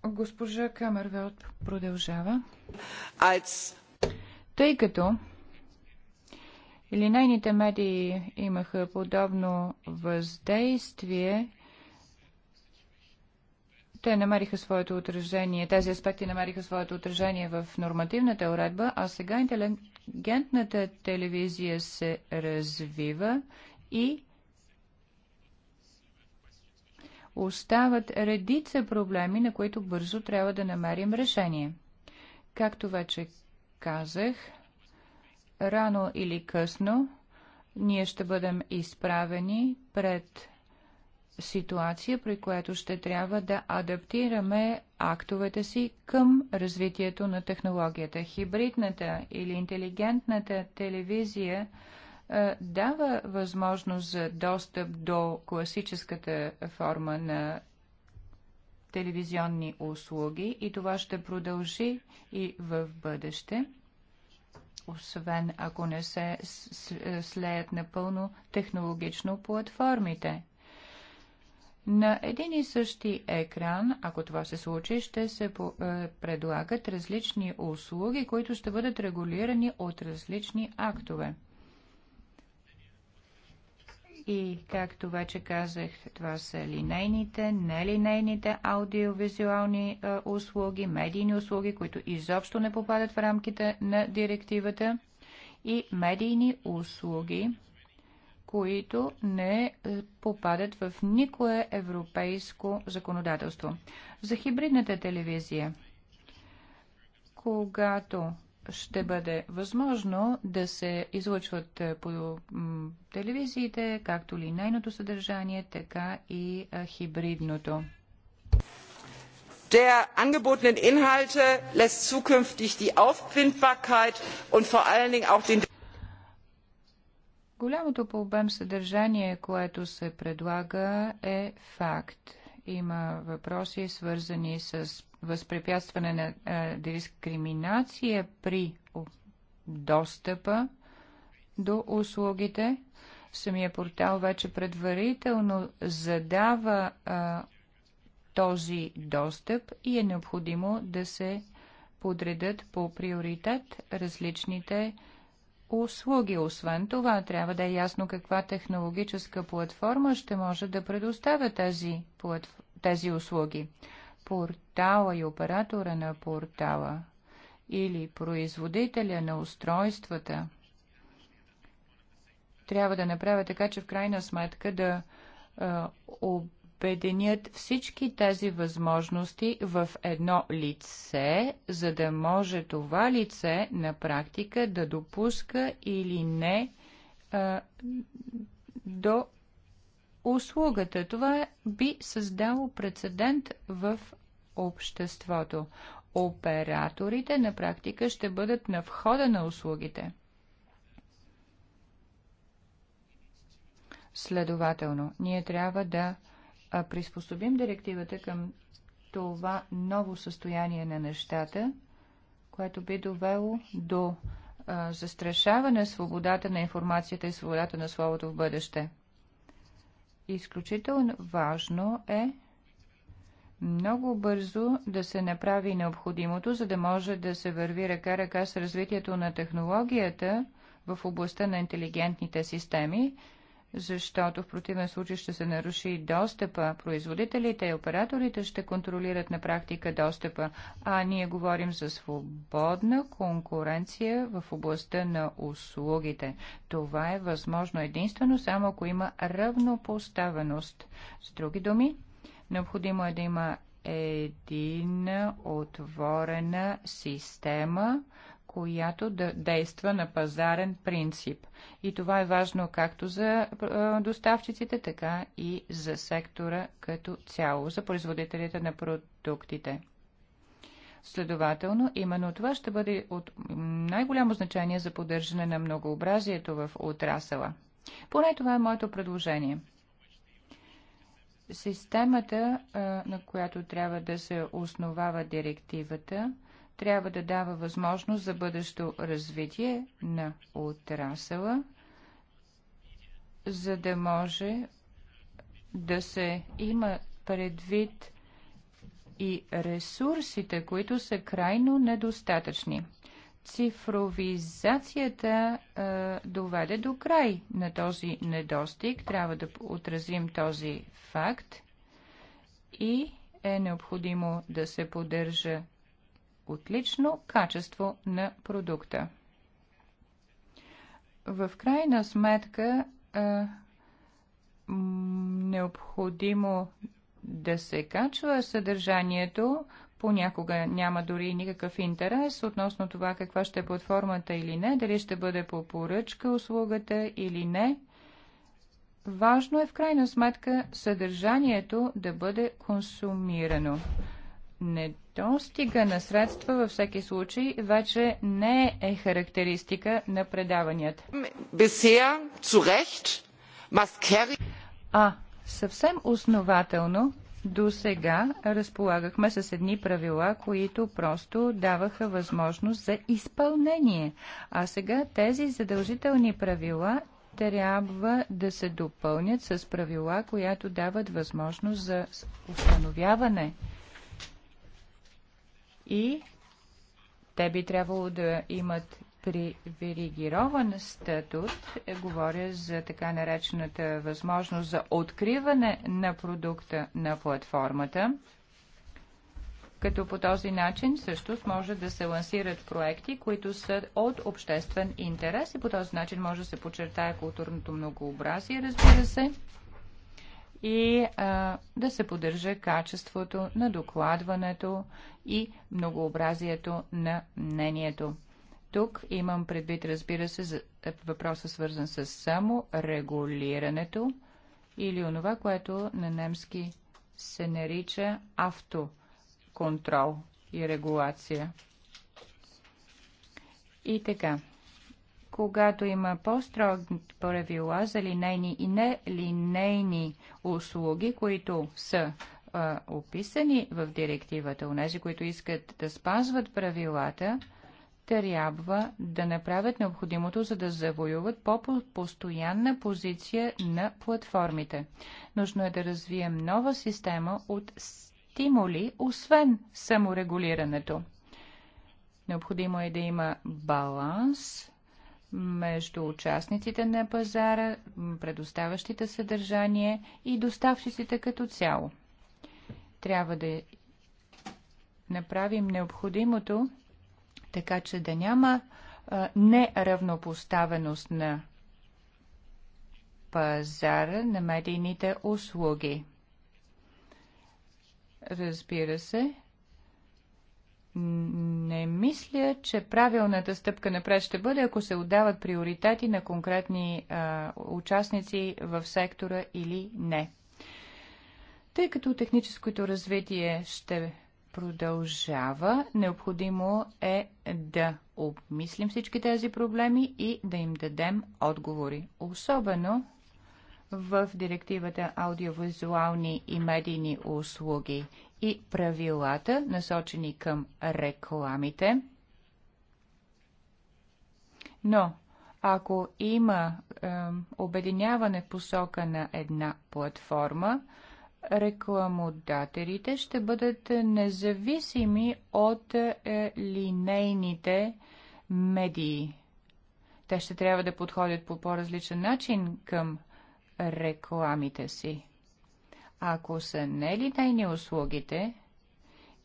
Госпожа Камервелт продължава. Тъй като линейните медии имаха подобно въздействие те намериха своето отражение, тези аспекти намериха своето отражение в нормативната уредба, а сега интелигентната телевизия се развива и остават редица проблеми, на които бързо трябва да намерим решение. Както вече казах, рано или късно ние ще бъдем изправени пред ситуация, при която ще трябва да адаптираме актовете си към развитието на технологията. Хибридната или интелигентната телевизия е, дава възможност за достъп до класическата форма на телевизионни услуги и това ще продължи и в бъдеще освен ако не се слеят напълно технологично платформите. На един и същи екран, ако това се случи, ще се е, предлагат различни услуги, които ще бъдат регулирани от различни актове. И, както вече казах, това са линейните, нелинейните аудиовизуални е, услуги, медийни услуги, които изобщо не попадат в рамките на директивата и медийни услуги, които не е, попадат в никое европейско законодателство. За хибридната телевизия, когато ще бъде възможно да се излъчват е, по телевизиите, както линейното съдържание, така и е, хибридното. Der angebotenen Inhalte lässt zukünftig die Auffindbarkeit und vor allen Dingen auch den Голямото по обем съдържание, което се предлага, е факт. Има въпроси, свързани с възпрепятстване на е, дискриминация при достъпа до услугите. Самия портал вече предварително задава е, този достъп и е необходимо да се подредят по приоритет различните услуги. Освен това, трябва да е ясно каква технологическа платформа ще може да предоставя тези, платф... тези услуги. Портала и оператора на портала или производителя на устройствата трябва да направя така, че в крайна сметка да е, обединят всички тези възможности в едно лице, за да може това лице на практика да допуска или не а, до услугата. Това би създало прецедент в обществото. Операторите на практика ще бъдат на входа на услугите. Следователно, ние трябва да приспособим директивата към това ново състояние на нещата, което би довело до а, застрашаване свободата на информацията и свободата на словото в бъдеще. Изключително важно е много бързо да се направи необходимото, за да може да се върви ръка-ръка с развитието на технологията в областта на интелигентните системи, защото в противен случай ще се наруши достъпа. Производителите и операторите ще контролират на практика достъпа, а ние говорим за свободна конкуренция в областта на услугите. Това е възможно единствено само ако има равнопоставеност. С други думи, необходимо е да има едина отворена система, която да действа на пазарен принцип. И това е важно както за доставчиците, така и за сектора като цяло, за производителите на продуктите. Следователно, именно това ще бъде от най-голямо значение за поддържане на многообразието в отрасъла. Поне това е моето предложение. Системата, на която трябва да се основава директивата, трябва да дава възможност за бъдещо развитие на отрасъла, за да може да се има предвид и ресурсите, които са крайно недостатъчни. Цифровизацията а, доведе до край на този недостиг. Трябва да отразим този факт и е необходимо да се поддържа отлично качество на продукта. В крайна сметка е необходимо да се качва съдържанието, понякога няма дори никакъв интерес относно това каква ще е платформата или не, дали ще бъде по поръчка услугата или не. Важно е в крайна сметка съдържанието да бъде консумирано недостига на средства във всеки случай вече не е характеристика на предаванията. А съвсем основателно до сега разполагахме с едни правила, които просто даваха възможност за изпълнение. А сега тези задължителни правила трябва да се допълнят с правила, която дават възможност за установяване и те би трябвало да имат привилегирован статут, говоря за така наречената възможност за откриване на продукта на платформата, като по този начин също може да се лансират проекти, които са от обществен интерес и по този начин може да се подчертае културното многообразие, разбира се и а, да се поддържа качеството на докладването и многообразието на мнението. Тук имам предвид, разбира се, за е, въпроса свързан с само регулирането или онова, което на немски се нарича автоконтрол и регулация. И така, когато има по-строги правила за линейни и нелинейни услуги, които са а, описани в директивата, унези, които искат да спазват правилата, трябва да направят необходимото, за да завоюват по-постоянна позиция на платформите. Нужно е да развием нова система от стимули, освен саморегулирането. Необходимо е да има баланс между участниците на пазара, предоставящите съдържание и доставчиците като цяло. Трябва да направим необходимото, така че да няма неравнопоставеност на пазара на медийните услуги. Разбира се, не мисля, че правилната стъпка напред ще бъде, ако се отдават приоритети на конкретни а, участници в сектора или не. Тъй като техническото развитие ще продължава, необходимо е да обмислим всички тези проблеми и да им дадем отговори. Особено в директивата аудиовизуални и медийни услуги и правилата, насочени към рекламите. Но ако има е, обединяване в посока на една платформа, рекламодателите ще бъдат независими от е, линейните медии. Те ще трябва да подходят по по-различен начин към рекламите си. Ако са нелинейни услугите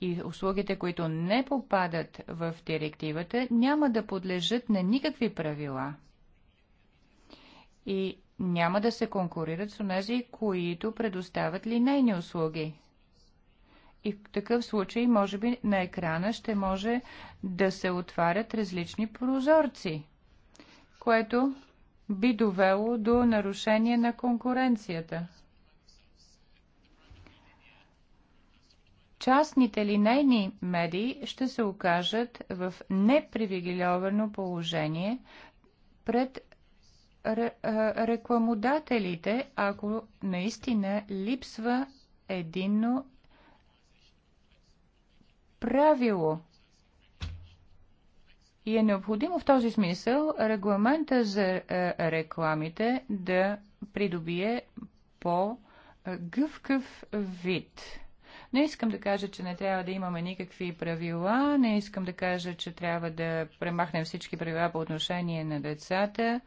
и услугите, които не попадат в директивата, няма да подлежат на никакви правила. И няма да се конкурират с тези, които предоставят линейни услуги. И в такъв случай, може би, на екрана ще може да се отварят различни прозорци, което би довело до нарушение на конкуренцията. частните линейни медии ще се окажат в непривилегировано положение пред рекламодателите, ако наистина липсва единно правило. И е необходимо в този смисъл регламента за рекламите да придобие по-гъвкав вид. Не искам да кажа, че не трябва да имаме никакви правила, не искам да кажа, че трябва да премахнем всички правила по отношение на децата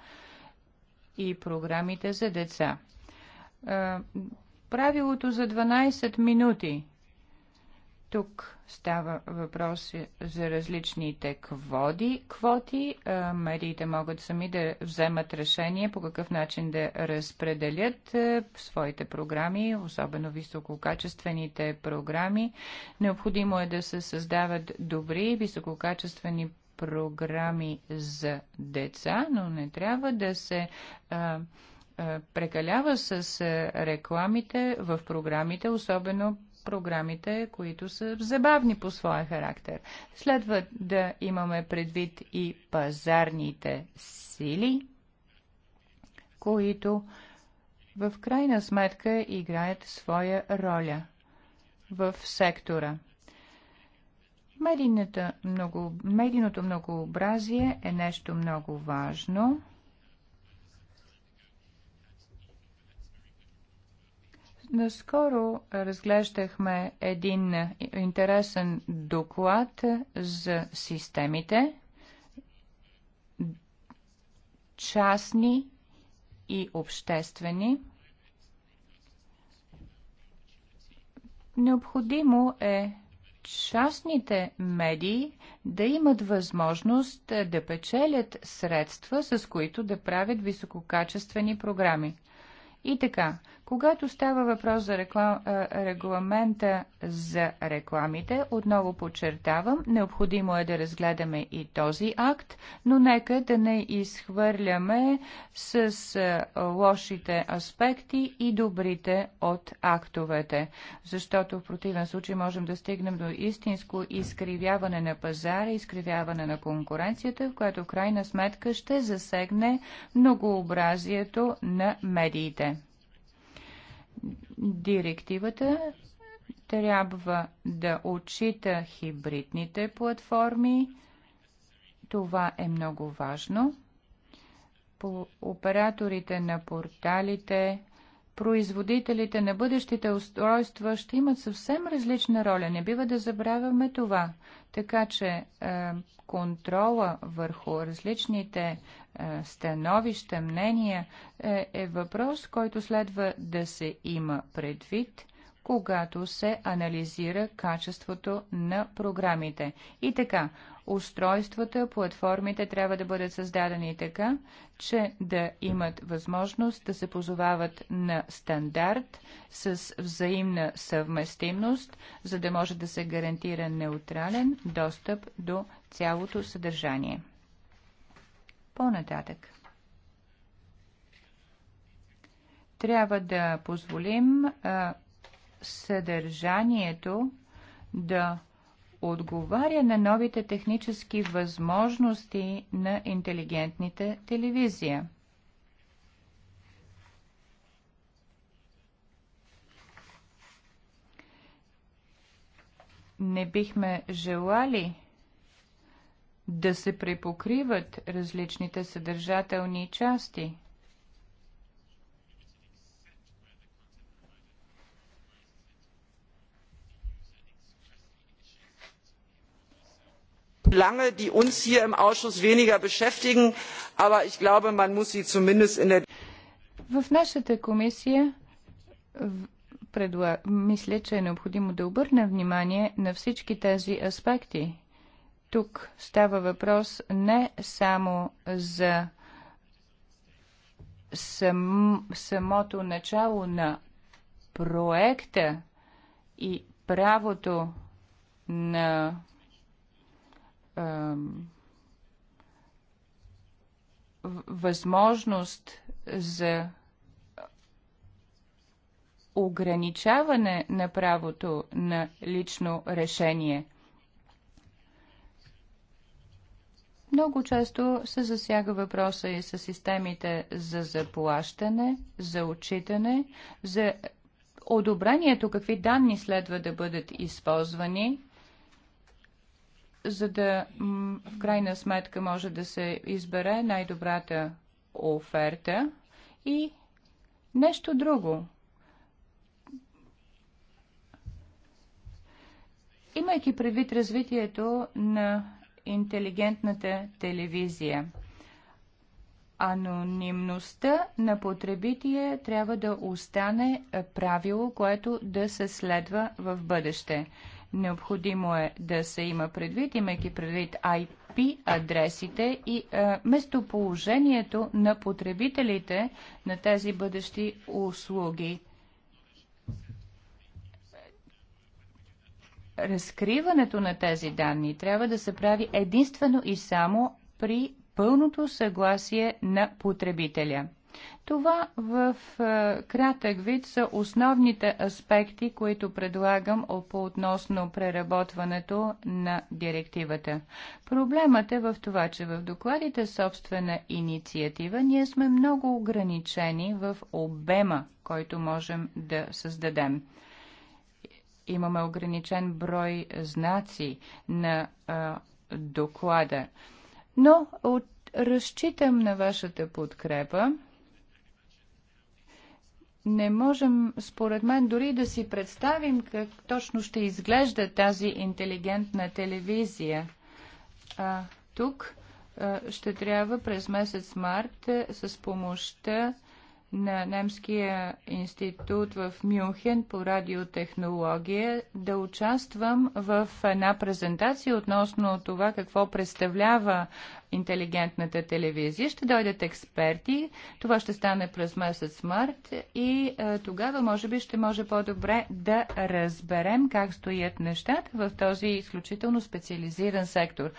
и програмите за деца. Правилото за 12 минути тук става въпрос за различните кводи, квоти. Медиите могат сами да вземат решение по какъв начин да разпределят своите програми, особено висококачествените програми. Необходимо е да се създават добри висококачествени програми за деца, но не трябва да се прекалява с рекламите в програмите, особено програмите, които са забавни по своя характер. Следва да имаме предвид и пазарните сили, които в крайна сметка играят своя роля в сектора. медийното многообразие е нещо много важно Наскоро разглеждахме един интересен доклад за системите, частни и обществени. Необходимо е частните медии да имат възможност да печелят средства, с които да правят висококачествени програми. И така, когато става въпрос за реклам... регламента за рекламите, отново подчертавам, необходимо е да разгледаме и този акт, но нека да не изхвърляме с лошите аспекти и добрите от актовете, защото в противен случай можем да стигнем до истинско изкривяване на пазара, изкривяване на конкуренцията, в което в крайна сметка ще засегне многообразието на медиите. Директивата трябва да отчита хибридните платформи. Това е много важно. По операторите на порталите производителите на бъдещите устройства ще имат съвсем различна роля. Не бива да забравяме това. Така че е, контрола върху различните е, становища, мнения е, е въпрос, който следва да се има предвид когато се анализира качеството на програмите. И така, устройствата, платформите трябва да бъдат създадени така, че да имат възможност да се позовават на стандарт с взаимна съвместимост, за да може да се гарантира неутрален достъп до цялото съдържание. По-нататък. Трябва да позволим а, съдържанието да отговаря на новите технически възможности на интелигентните телевизия. Не бихме желали да се препокриват различните съдържателни части – belange die uns hier im ausschuss weniger beschäftigen aber ich glaube man muss sie zumindest in der В нашата комисия предла... мисля, че е необходимо да обърнем внимание на всички тези аспекти. Тук става въпрос не само за сам... самото начало на проекта и правото на възможност за ограничаване на правото на лично решение. Много често се засяга въпроса и с системите за заплащане, за отчитане, за одобрението какви данни следва да бъдат използвани за да в крайна сметка може да се избере най-добрата оферта и нещо друго. Имайки предвид развитието на интелигентната телевизия, анонимността на потребитие трябва да остане правило, което да се следва в бъдеще. Необходимо е да се има предвид, имайки предвид IP адресите и а, е, местоположението на потребителите на тези бъдещи услуги. Разкриването на тези данни трябва да се прави единствено и само при пълното съгласие на потребителя. Това в е, кратък вид са основните аспекти, които предлагам по относно преработването на директивата. Проблемът е в това, че в докладите собствена инициатива ние сме много ограничени в обема, който можем да създадем имаме ограничен брой знаци на а, доклада. Но от, разчитам на вашата подкрепа не можем, според мен, дори да си представим как точно ще изглежда тази интелигентна телевизия. А, тук а, ще трябва през месец март с помощта на Немския институт в Мюнхен по радиотехнология да участвам в една презентация относно това какво представлява интелигентната телевизия. Ще дойдат експерти. Това ще стане през месец март и е, тогава може би ще може по-добре да разберем как стоят нещата в този изключително специализиран сектор.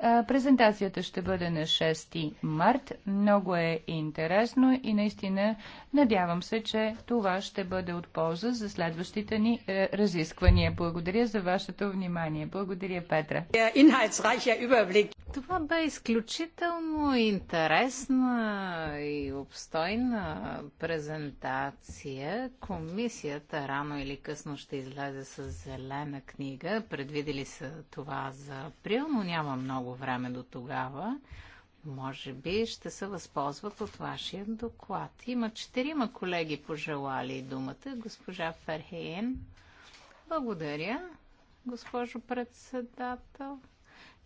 Презентацията ще бъде на 6 март. Много е интересно и наистина надявам се, че това ще бъде от полза за следващите ни е, разисквания. Благодаря за вашето внимание. Благодаря, Петра. Това бе изключително интересна и обстойна презентация. Комисията рано или късно ще излезе с зелена книга. Предвидели са това за април, но няма много много време до тогава. Може би ще се възползват от вашия доклад. Има четирима колеги пожелали думата. Госпожа Ферхейн. Благодаря, госпожо председател.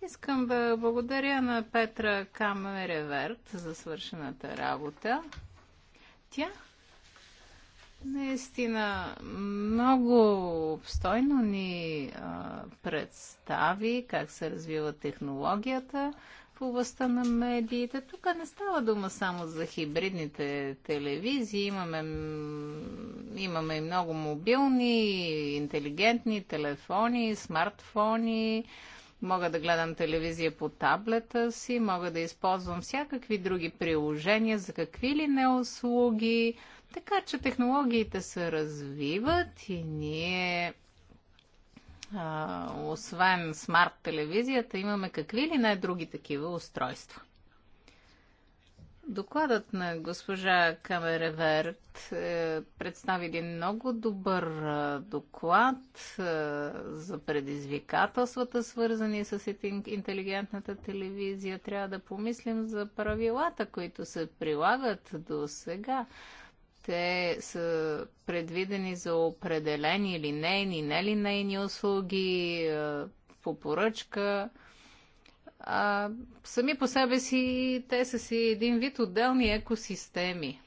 Искам да благодаря на Петра Камереверт за свършената работа. Тя наистина много обстойно ни а, представи как се развива технологията в областта на медиите. Тук не става дума само за хибридните телевизии. Имаме, имаме и много мобилни, интелигентни телефони, смартфони. Мога да гледам телевизия по таблета си, мога да използвам всякакви други приложения за какви ли не услуги така че технологиите се развиват и ние а, освен смарт телевизията имаме какви ли не други такива устройства. Докладът на госпожа Камереверт е, представи един много добър доклад за предизвикателствата, свързани с интелигентната телевизия. Трябва да помислим за правилата, които се прилагат до сега те са предвидени за определени линейни, нелинейни услуги е, по поръчка. А, сами по себе си те са си един вид отделни екосистеми.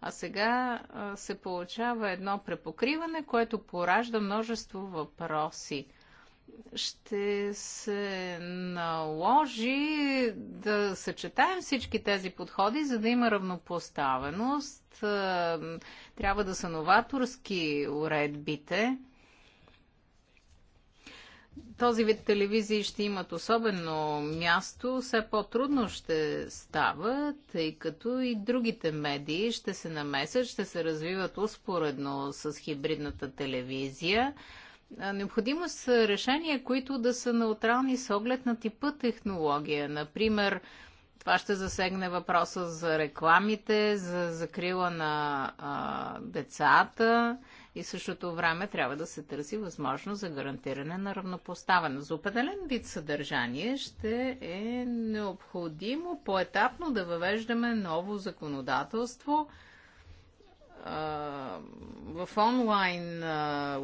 А сега а, се получава едно препокриване, което поражда множество въпроси ще се наложи да съчетаем всички тези подходи, за да има равнопоставеност. Е, трябва да са новаторски уредбите. Този вид телевизии ще имат особено място, все по-трудно ще става, тъй като и другите медии ще се намесят, ще се развиват успоредно с хибридната телевизия. Необходимо са решения, които да са неутрални с оглед на типа технология. Например, това ще засегне въпроса за рекламите, за закрила на а, децата и същото време трябва да се търси възможност за гарантиране на равнопоставеност. За определен вид съдържание ще е необходимо поетапно да въвеждаме ново законодателство – в онлайн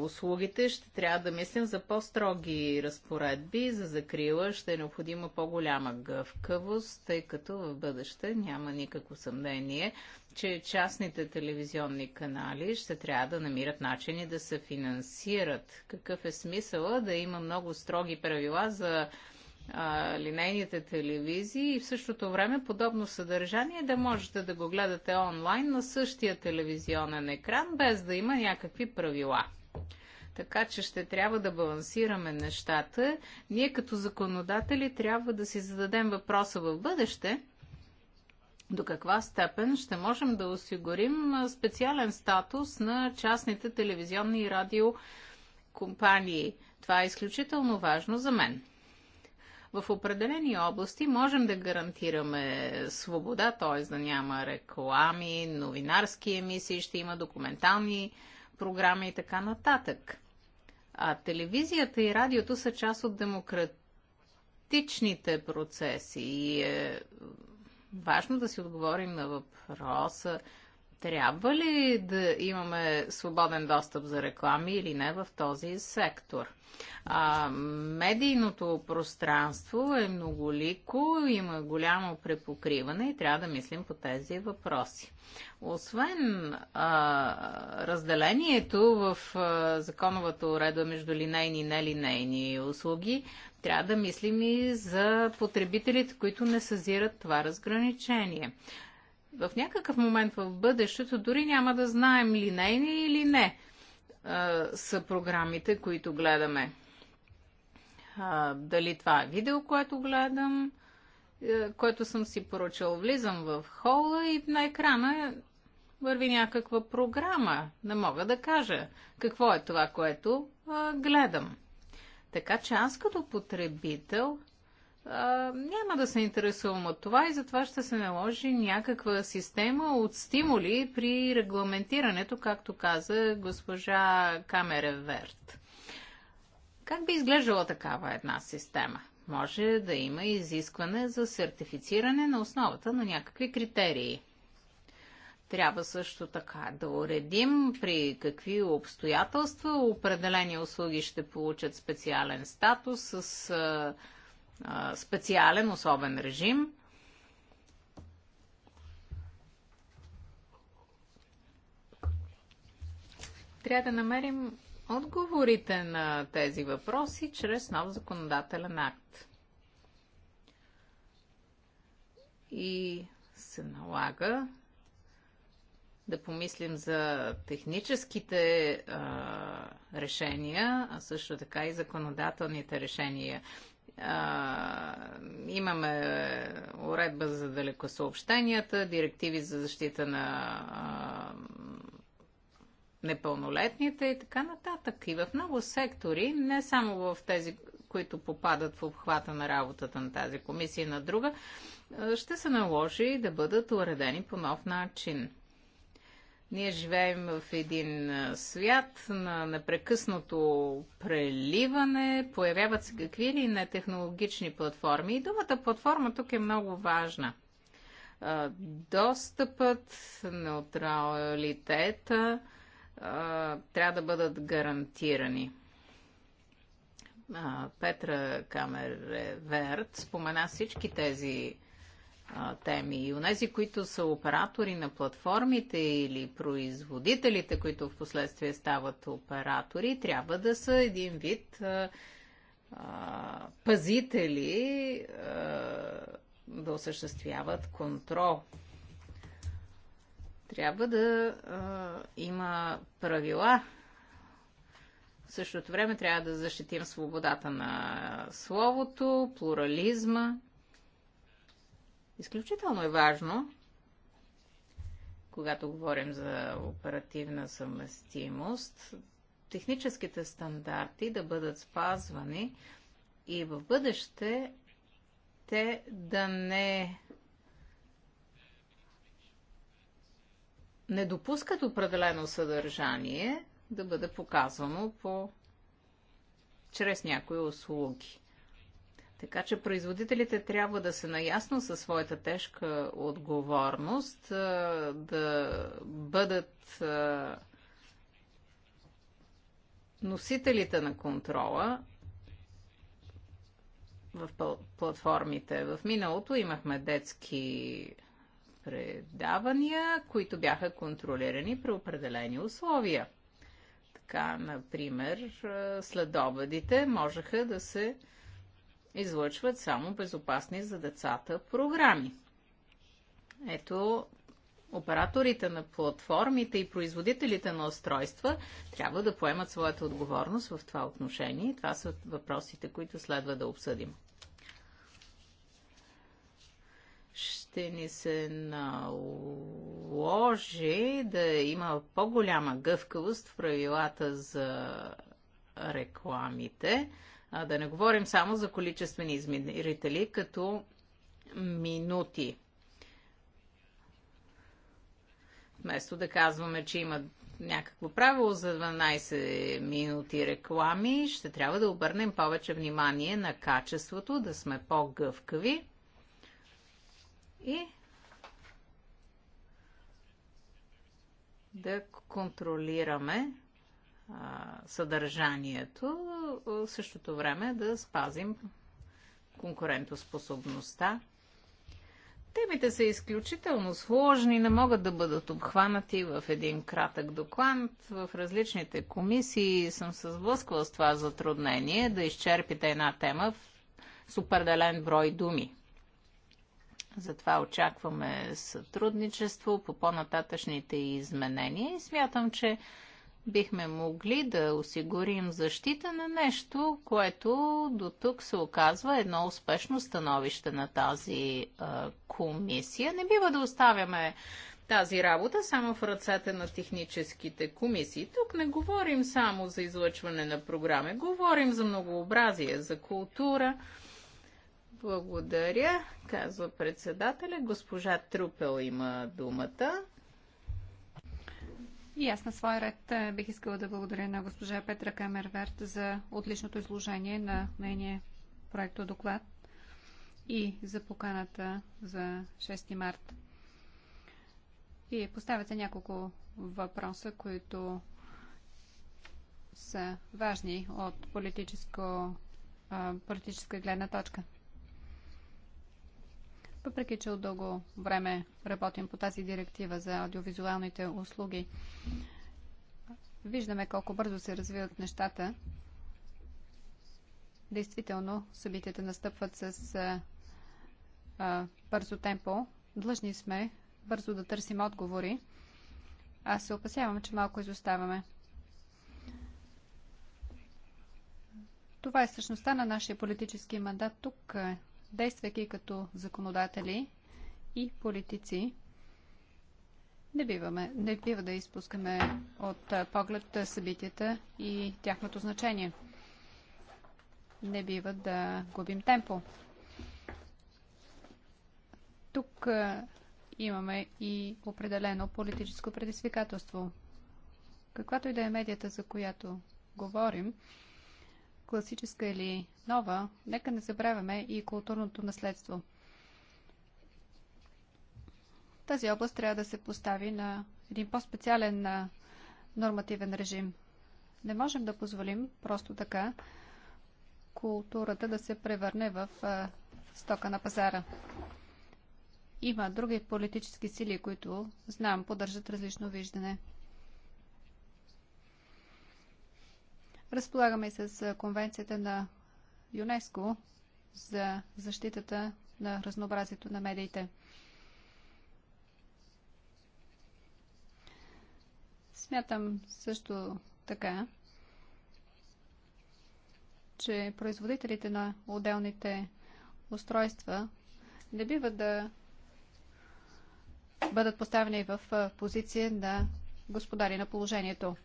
услугите ще трябва да мислим за по-строги разпоредби за закрила. Ще е необходима по-голяма гъвкавост, тъй като в бъдеще няма никакво съмнение, че частните телевизионни канали ще трябва да намират начини да се финансират. Какъв е смисъла да има много строги правила за а, линейните телевизии и в същото време подобно съдържание да можете да го гледате онлайн на същия телевизионен екран, без да има някакви правила. Така че ще трябва да балансираме нещата. Ние като законодатели трябва да си зададем въпроса в бъдеще – до каква степен ще можем да осигурим специален статус на частните телевизионни и радиокомпании. Това е изключително важно за мен в определени области можем да гарантираме свобода, т.е. да няма реклами, новинарски емисии, ще има документални програми и така нататък. А телевизията и радиото са част от демократичните процеси и е важно да си отговорим на въпроса трябва ли да имаме свободен достъп за реклами или не в този сектор? А, медийното пространство е многолико, има голямо препокриване и трябва да мислим по тези въпроси. Освен а, разделението в а, законовата уреда между линейни и нелинейни услуги, трябва да мислим и за потребителите, които не съзират това разграничение в някакъв момент в бъдещето дори няма да знаем линейни или не а, са програмите, които гледаме. А, дали това е видео, което гледам, а, което съм си поръчал, влизам в хола и на екрана върви някаква програма. Не мога да кажа какво е това, което а, гледам. Така че аз като потребител а, няма да се интересувам от това и затова ще се наложи някаква система от стимули при регламентирането, както каза госпожа Камереверт. Как би изглеждала такава една система? Може да има изискване за сертифициране на основата на някакви критерии. Трябва също така да уредим при какви обстоятелства определени услуги ще получат специален статус с специален, особен режим. Трябва да намерим отговорите на тези въпроси чрез нов законодателен акт. И се налага да помислим за техническите а, решения, а също така и законодателните решения а, имаме е, уредба за далекосъобщенията, директиви за защита на а, непълнолетните и така нататък. И в много сектори, не само в тези, които попадат в обхвата на работата на тази комисия и на друга, ще се наложи да бъдат уредени по нов начин. Ние живеем в един свят на непрекъснато преливане, появяват се какви ли не технологични платформи. И думата платформа тук е много важна. Достъпът, неутралитета трябва да бъдат гарантирани. Петра Камер Верт спомена всички тези а, теми. И онези, които са оператори на платформите или производителите, които в последствие стават оператори, трябва да са един вид а, а, пазители а, да осъществяват контрол трябва да а, има правила. В същото време трябва да защитим свободата на словото, плурализма. Изключително е важно, когато говорим за оперативна съвместимост, техническите стандарти да бъдат спазвани и в бъдеще те да не не допускат определено съдържание да бъде показано по чрез някои услуги. Така че производителите трябва да са наясно със своята тежка отговорност, да бъдат носителите на контрола в платформите. В миналото имахме детски предавания, които бяха контролирани при определени условия. Така, например, следобедите можеха да се излъчват само безопасни за децата програми. Ето, операторите на платформите и производителите на устройства трябва да поемат своята отговорност в това отношение. Това са въпросите, които следва да обсъдим. ще ни се наложи да има по-голяма гъвкавост в правилата за рекламите, а, да не говорим само за количествени измерители, като минути. Вместо да казваме, че има някакво правило за 12 минути реклами, ще трябва да обърнем повече внимание на качеството, да сме по-гъвкави и да контролираме съдържанието, в същото време да спазим конкурентоспособността. Темите са изключително сложни, не могат да бъдат обхванати в един кратък доклад. В различните комисии съм се сблъсквал с това затруднение да изчерпите една тема с определен брой думи. Затова очакваме сътрудничество по по-нататъчните изменения и смятам, че бихме могли да осигурим защита на нещо, което до тук се оказва едно успешно становище на тази а, комисия. Не бива да оставяме тази работа само в ръцете на техническите комисии. Тук не говорим само за излъчване на програми, говорим за многообразие, за култура. Благодаря, казва председателя. Госпожа Трупел има думата. И аз на своя ред е, бих искала да благодаря на госпожа Петра Камерверт за отличното изложение на нейния проекто доклад и за поканата за 6 март. Вие поставяте няколко въпроса, които са важни от политическо, политическа гледна точка въпреки че от дълго време работим по тази директива за аудиовизуалните услуги. Виждаме колко бързо се развиват нещата. Действително, събитията настъпват с а, а, бързо темпо. Длъжни сме бързо да търсим отговори. Аз се опасявам, че малко изоставаме. Това е същността на нашия политически мандат тук действайки като законодатели и политици, не, биваме, не бива да изпускаме от поглед събитията и тяхното значение. Не бива да губим темпо. Тук имаме и определено политическо предизвикателство. Каквато и да е медията, за която говорим, класическа или нова, нека не забравяме и културното наследство. Тази област трябва да се постави на един по-специален нормативен режим. Не можем да позволим просто така културата да се превърне в стока на пазара. Има други политически сили, които знам поддържат различно виждане. Разполагаме и с конвенцията на ЮНЕСКО за защитата на разнообразието на медиите. Смятам също така, че производителите на отделните устройства не бива да бъдат поставени в позиция на господари на положението.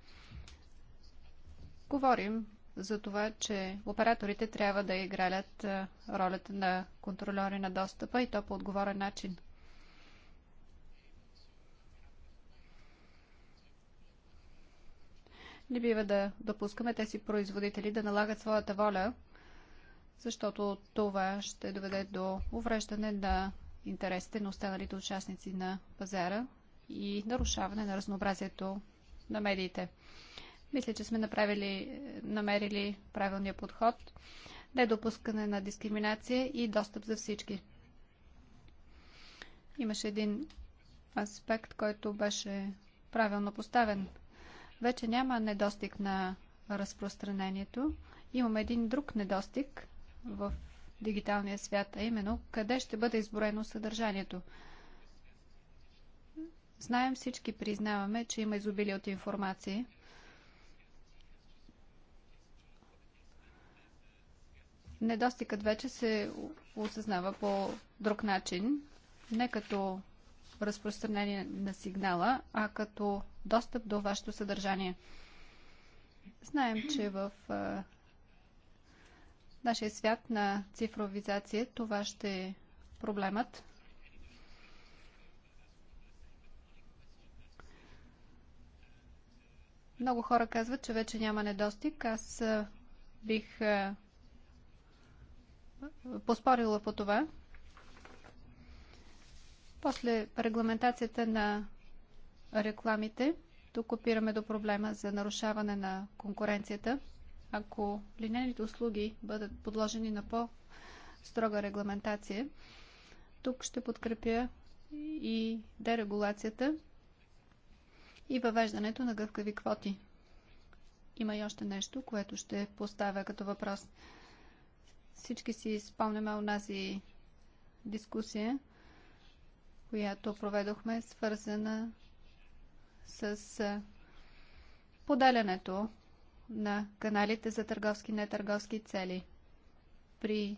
Говорим за това, че операторите трябва да играят ролята на контролери на достъпа и то по отговорен начин. Не бива да допускаме тези производители да налагат своята воля, защото това ще доведе до увреждане на интересите на останалите участници на пазара и нарушаване на разнообразието на медиите. Мисля, че сме направили, намерили правилния подход, недопускане на дискриминация и достъп за всички. Имаше един аспект, който беше правилно поставен. Вече няма недостиг на разпространението. Имаме един друг недостиг в дигиталния свят, а именно къде ще бъде изброено съдържанието. Знаем всички, признаваме, че има изобилие от информация – недостигът вече се осъзнава по друг начин, не като разпространение на сигнала, а като достъп до вашето съдържание. Знаем, че в нашия свят на цифровизация това ще е проблемът. Много хора казват, че вече няма недостиг. Аз бих поспорила по това. После регламентацията на рекламите. Тук опираме до проблема за нарушаване на конкуренцията. Ако линейните услуги бъдат подложени на по-строга регламентация, тук ще подкрепя и дерегулацията и въвеждането на гъвкави квоти. Има и още нещо, което ще поставя като въпрос – всички си спомняме и дискусия, която проведохме, свързана с поделянето на каналите за търговски и нетърговски цели. При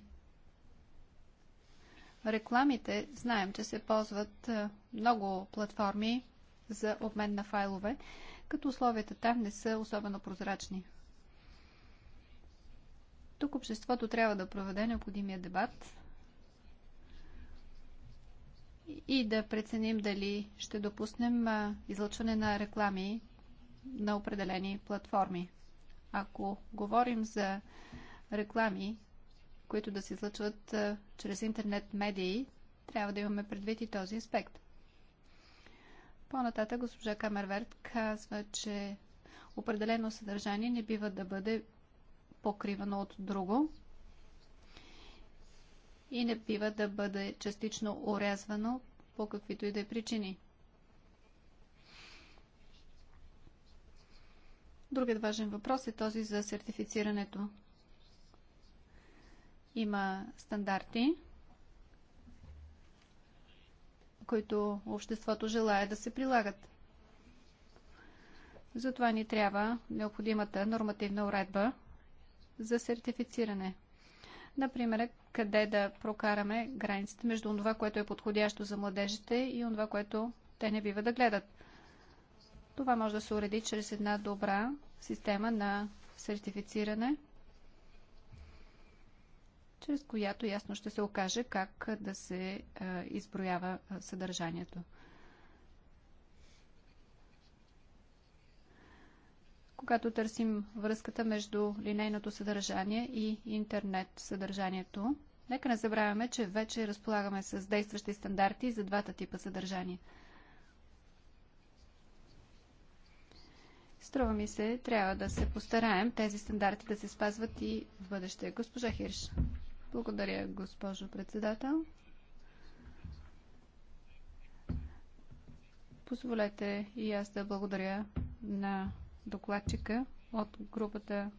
рекламите знаем, че се ползват много платформи за обмен на файлове, като условията там не са особено прозрачни. Тук обществото трябва да проведе необходимия дебат и да преценим дали ще допуснем излъчване на реклами на определени платформи. Ако говорим за реклами, които да се излъчват чрез интернет медии, трябва да имаме предвид и този аспект. По-нататък госпожа Камерверт казва, че определено съдържание не бива да бъде покривано от друго и не бива да бъде частично урязвано по каквито и да е причини. Другият важен въпрос е този за сертифицирането. Има стандарти, които обществото желая да се прилагат. Затова ни трябва необходимата нормативна уредба – за сертифициране. Например, къде да прокараме границите между това, което е подходящо за младежите и това, което те не бива да гледат. Това може да се уреди чрез една добра система на сертифициране, чрез която ясно ще се окаже как да се изброява съдържанието. когато търсим връзката между линейното съдържание и интернет съдържанието. Нека не забравяме, че вече разполагаме с действащи стандарти за двата типа съдържание. Струва ми се, трябва да се постараем тези стандарти да се спазват и в бъдеще. Госпожа Хирш. Благодаря, госпожо председател. Позволете и аз да благодаря на докладчика от групата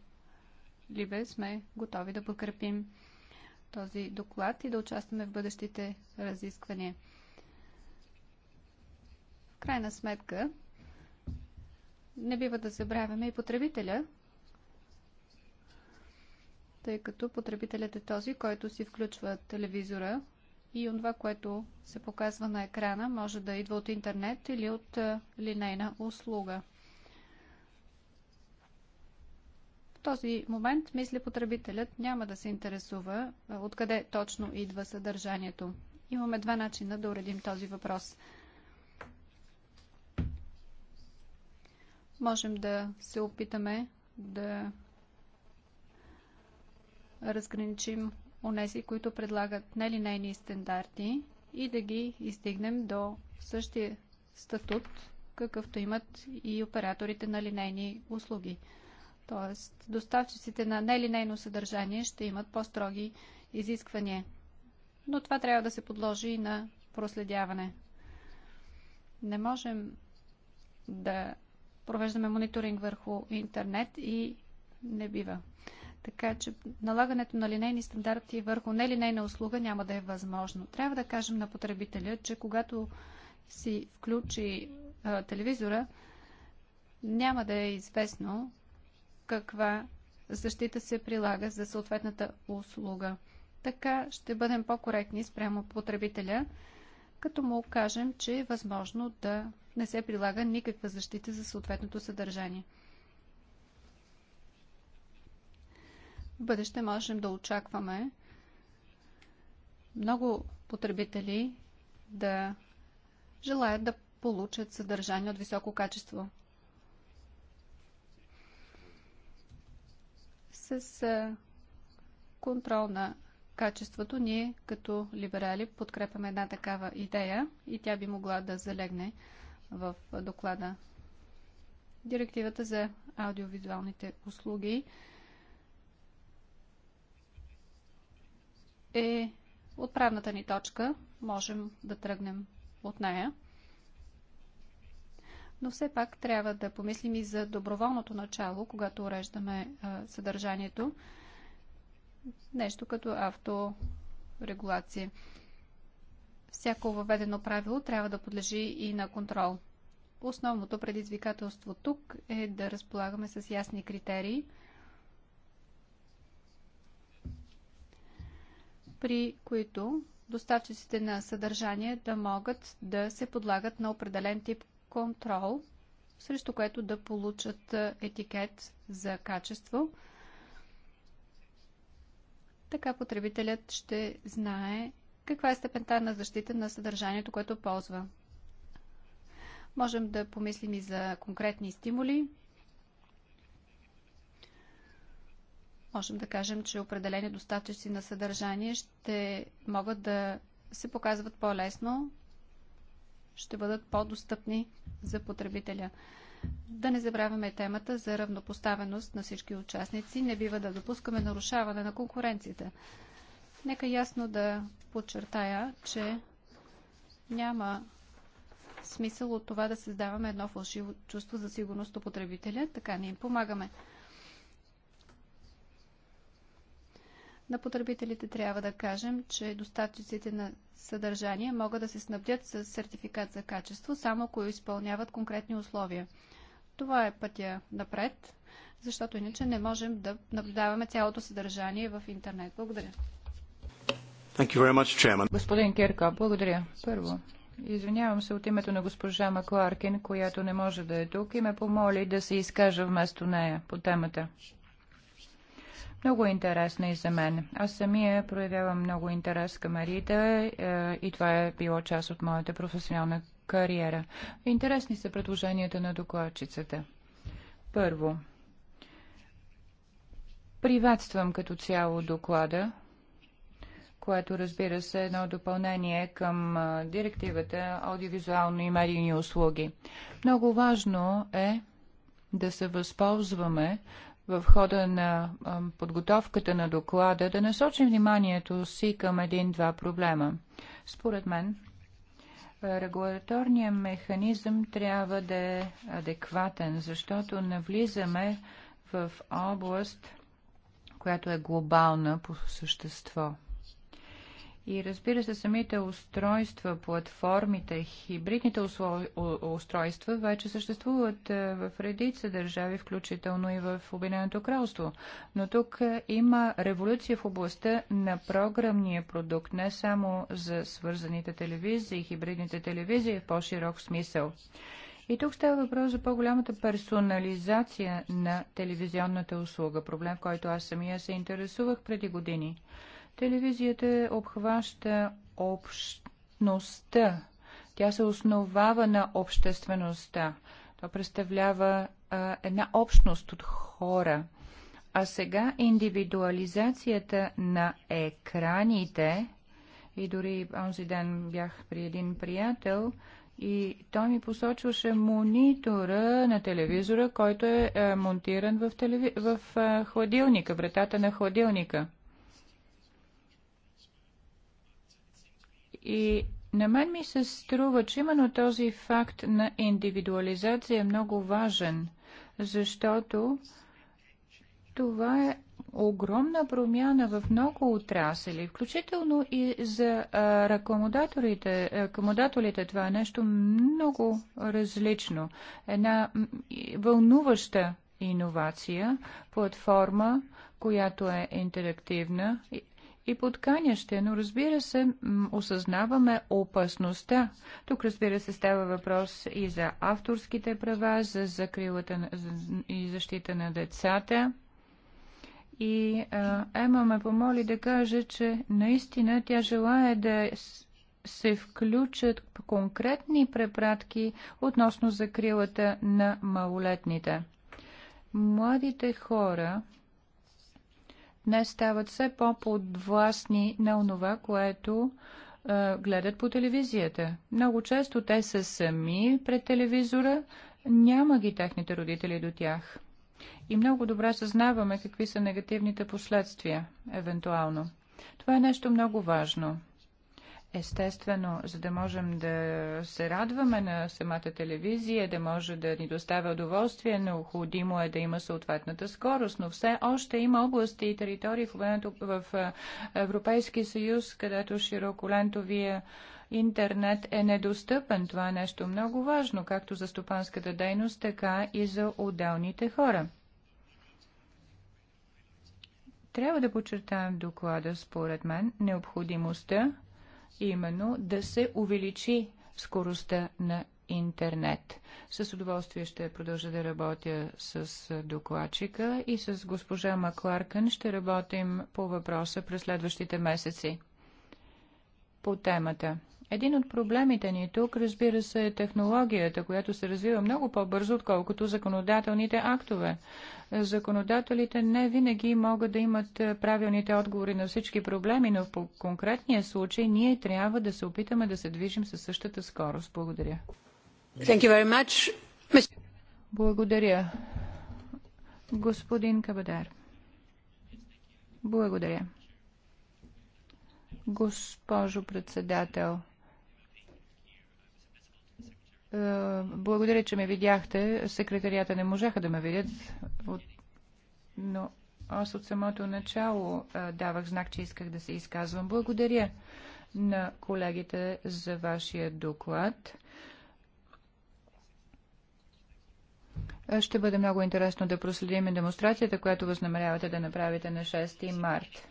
Либе сме готови да подкрепим този доклад и да участваме в бъдещите разисквания. В крайна сметка, не бива да забравяме и потребителя, тъй като потребителят е този, който си включва телевизора и това, което се показва на екрана, може да идва от интернет или от линейна услуга. този момент, мисли потребителят, няма да се интересува откъде точно идва съдържанието. Имаме два начина да уредим този въпрос. Можем да се опитаме да разграничим онези, които предлагат нелинейни стандарти и да ги изтигнем до същия статут, какъвто имат и операторите на линейни услуги. Тоест, доставчиците на нелинейно съдържание ще имат по-строги изисквания. Но това трябва да се подложи и на проследяване. Не можем да провеждаме мониторинг върху интернет и не бива. Така че налагането на линейни стандарти върху нелинейна услуга няма да е възможно. Трябва да кажем на потребителя, че когато си включи а, телевизора, няма да е известно каква защита се прилага за съответната услуга. Така ще бъдем по-коректни спрямо потребителя, като му кажем, че е възможно да не се прилага никаква защита за съответното съдържание. В бъдеще можем да очакваме много потребители да желаят да получат съдържание от високо качество. с контрол на качеството, ние като либерали подкрепяме една такава идея и тя би могла да залегне в доклада. Директивата за аудиовизуалните услуги е отправната ни точка. Можем да тръгнем от нея но все пак трябва да помислим и за доброволното начало, когато уреждаме съдържанието. Нещо като авторегулация. Всяко въведено правило трябва да подлежи и на контрол. Основното предизвикателство тук е да разполагаме с ясни критерии при които доставчиците на съдържание да могат да се подлагат на определен тип контрол, срещу което да получат етикет за качество. Така потребителят ще знае каква е степента на защита на съдържанието, което ползва. Можем да помислим и за конкретни стимули. Можем да кажем, че определени доставчици на съдържание ще могат да се показват по-лесно ще бъдат по-достъпни за потребителя. Да не забравяме темата за равнопоставеност на всички участници. Не бива да допускаме нарушаване на конкуренцията. Нека ясно да подчертая, че няма смисъл от това да създаваме едно фалшиво чувство за сигурност у потребителя. Така ни им помагаме. на потребителите трябва да кажем, че доставчиците на съдържание могат да се снабдят с сертификат за качество, само ако изпълняват конкретни условия. Това е пътя напред, защото иначе не можем да наблюдаваме цялото съдържание в интернет. Благодаря. Much, Господин Кирка, благодаря. Първо, Извинявам се от името на госпожа Макларкин, която не може да е тук и ме помоли да се изкажа вместо нея по темата. Много интересна и за мен. Аз самия проявявам много интерес към Арида е, и това е било част от моята професионална кариера. Интересни са предложенията на докладчицата. Първо, приветствам като цяло доклада, което разбира се е едно допълнение към директивата аудиовизуално и медийни услуги. Много важно е да се възползваме в хода на подготовката на доклада да насочим вниманието си към един-два проблема. Според мен, регулаторният механизъм трябва да е адекватен, защото навлизаме в област, която е глобална по същество – и разбира се, самите устройства, платформите, хибридните устройства вече съществуват е, в редица държави, включително и в Обединеното кралство. Но тук е, има революция в областта на програмния продукт, не само за свързаните телевизии, хибридните телевизии в по-широк смисъл. И тук става въпрос за по-голямата персонализация на телевизионната услуга, проблем, който аз самия се интересувах преди години. Телевизията обхваща общността. Тя се основава на обществеността. То представлява а, една общност от хора. А сега индивидуализацията на екраните, и дори онзи ден бях при един приятел, и той ми посочваше монитора на телевизора, който е, е монтиран в, телеви... в е, хладилника, вратата на хладилника. И на мен ми се струва, че именно този факт на индивидуализация е много важен, защото това е огромна промяна в много отрасли, включително и за ръкомодаторите. Ръкомодаторите това е нещо много различно. Една вълнуваща иновация, платформа, която е интерактивна, и подканяще, но разбира се, осъзнаваме опасността. Тук разбира се става въпрос и за авторските права, за закрилата и защита на децата. И а, Ема ме помоли да каже, че наистина тя желая да се включат конкретни препратки относно закрилата на малолетните. Младите хора днес стават все по-подвластни на онова, което е, гледат по телевизията. Много често те са сами пред телевизора, няма ги техните родители до тях. И много добре съзнаваме какви са негативните последствия, евентуално. Това е нещо много важно. Естествено, за да можем да се радваме на самата телевизия, да може да ни доставя удоволствие, необходимо е да има съответната скорост, но все още има области и територии в Европейския съюз, където широколентовия интернет е недостъпен. Това е нещо много важно, както за стопанската дейност, така и за отделните хора. Трябва да подчертаем доклада, според мен, необходимостта именно да се увеличи скоростта на интернет. С удоволствие ще продължа да работя с докладчика и с госпожа Макларкън ще работим по въпроса през следващите месеци. По темата един от проблемите ни тук, разбира се, е технологията, която се развива много по-бързо, отколкото законодателните актове. Законодателите не винаги могат да имат е, правилните отговори на всички проблеми, но по конкретния случай ние трябва да се опитаме да се движим със същата скорост. Благодаря. Thank you very much. Благодаря. Господин Кабадар. Благодаря. Госпожо председател, е, благодаря, че ме видяхте. Секретарията не можаха да ме видят, но аз от самото начало е, давах знак, че исках да се изказвам. Благодаря на колегите за вашия доклад. Е, ще бъде много интересно да проследим демонстрацията, която възнамерявате да направите на 6 март.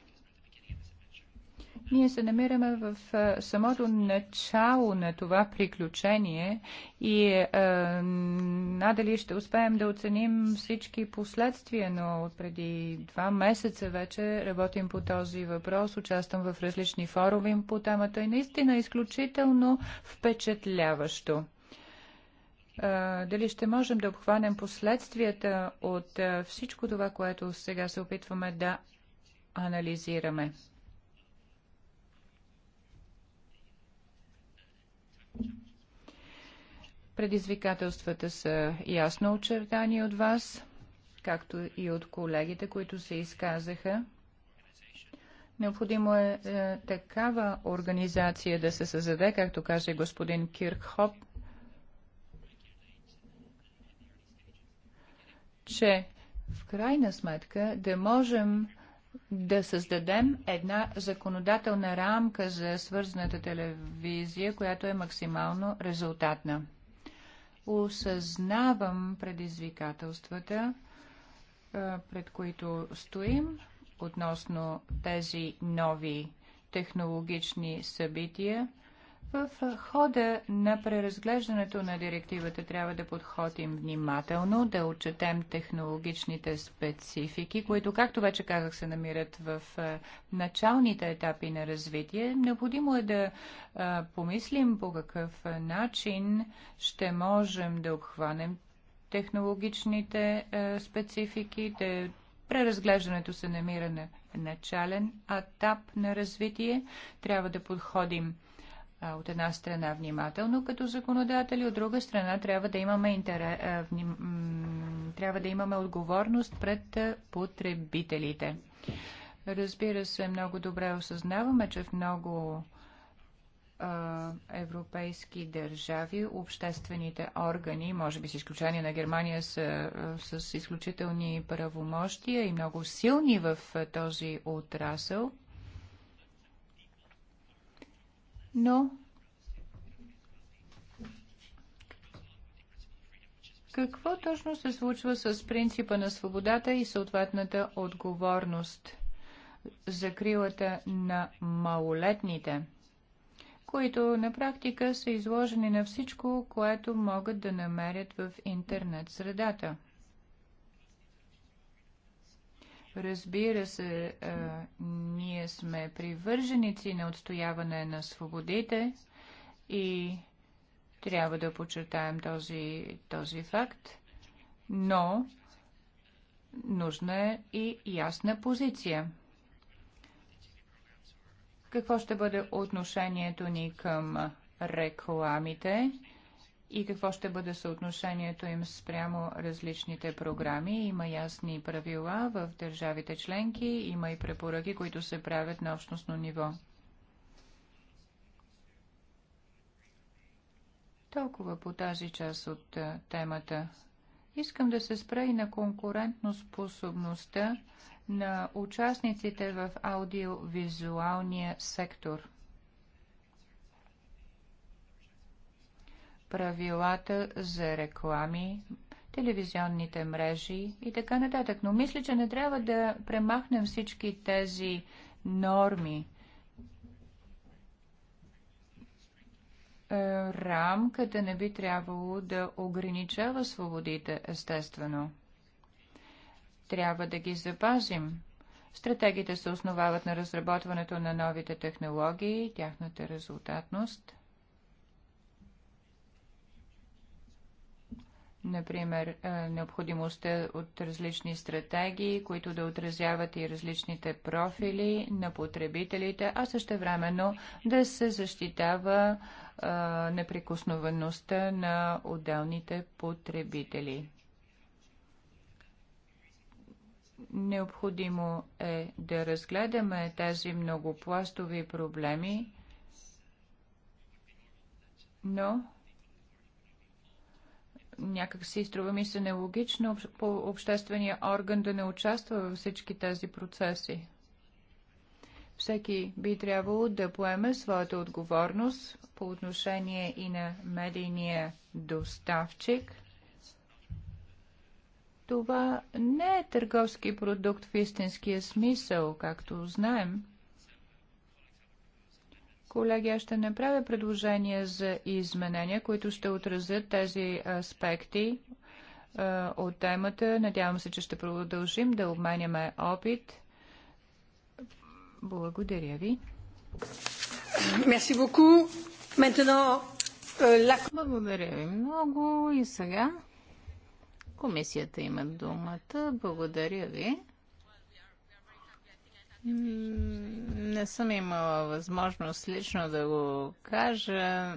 Ние се намираме в самото начало на това приключение и е, надали ще успеем да оценим всички последствия, но преди два месеца вече работим по този въпрос, участвам в различни форуми по темата и наистина е изключително впечатляващо дали ще можем да обхванем последствията от всичко това, което сега се опитваме да анализираме. Предизвикателствата са ясно очертани от вас, както и от колегите, които се изказаха. Необходимо е, е такава организация да се създаде, както каже господин Киркхоп, че в крайна сметка да можем да създадем една законодателна рамка за свързаната телевизия, която е максимално резултатна осъзнавам предизвикателствата, пред които стоим относно тези нови технологични събития в хода на преразглеждането на директивата трябва да подходим внимателно, да отчетем технологичните специфики, които, както вече казах, се намират в началните етапи на развитие. Необходимо е да помислим по какъв начин ще можем да обхванем технологичните специфики, да преразглеждането се намира на начален етап на развитие. Трябва да подходим от една страна внимателно като законодатели, от друга страна трябва да имаме, интере... трябва да имаме отговорност пред потребителите. Разбира се, много добре осъзнаваме, че в много европейски държави, обществените органи, може би с изключение на Германия, са с изключителни правомощия и много силни в този отрасъл. но какво точно се случва с принципа на свободата и съответната отговорност за крилата на малолетните, които на практика са изложени на всичко, което могат да намерят в интернет средата? Разбира се, а, ние сме привърженици на отстояване на свободите и трябва да подчертаем този, този факт, но нужна е и ясна позиция. Какво ще бъде отношението ни към рекламите? и какво ще бъде съотношението им спрямо различните програми. Има ясни правила в държавите членки, има и препоръки, които се правят на общностно ниво. Толкова по тази част от темата. Искам да се спра и на конкурентно способността на участниците в аудиовизуалния сектор – правилата за реклами, телевизионните мрежи и така нататък. Но мисля, че не трябва да премахнем всички тези норми. Е, рамката не би трябвало да ограничава свободите, естествено. Трябва да ги запазим. Стратегиите се основават на разработването на новите технологии тяхната резултатност – например, е, необходимостта от различни стратегии, които да отразяват и различните профили на потребителите, а също времено да се защитава е, неприкосновеността на отделните потребители. Необходимо е да разгледаме тези многопластови проблеми, но някак си струва ми се нелогично по обществения орган да не участва във всички тези процеси. Всеки би трябвало да поеме своята отговорност по отношение и на медийния доставчик. Това не е търговски продукт в истинския смисъл, както знаем. Колеги, аз ще направя предложения за изменения, които ще отразят тези аспекти а, е, от темата. Надявам се, че ще продължим да обменяме опит. Благодаря ви. Merci beaucoup. Maintenant, euh, la... Благодаря ви много. И сега комисията има думата. Благодаря ви. Не съм имала възможност лично да го кажа,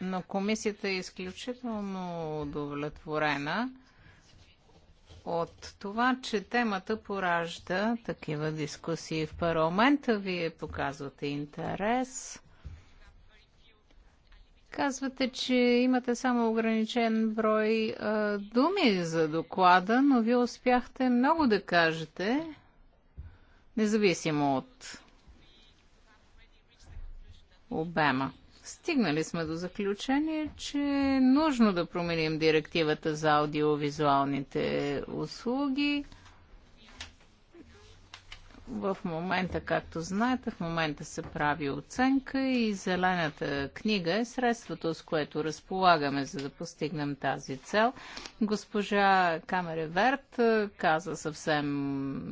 но комисията е изключително удовлетворена от това, че темата поражда такива дискусии в парламента. Вие показвате интерес. Казвате, че имате само ограничен брой а, думи за доклада, но вие успяхте много да кажете независимо от обема. Стигнали сме до заключение, че е нужно да променим директивата за аудиовизуалните услуги – в момента, както знаете, в момента се прави оценка и зелената книга е средството, с което разполагаме, за да постигнем тази цел. Госпожа Камереверт е, каза съвсем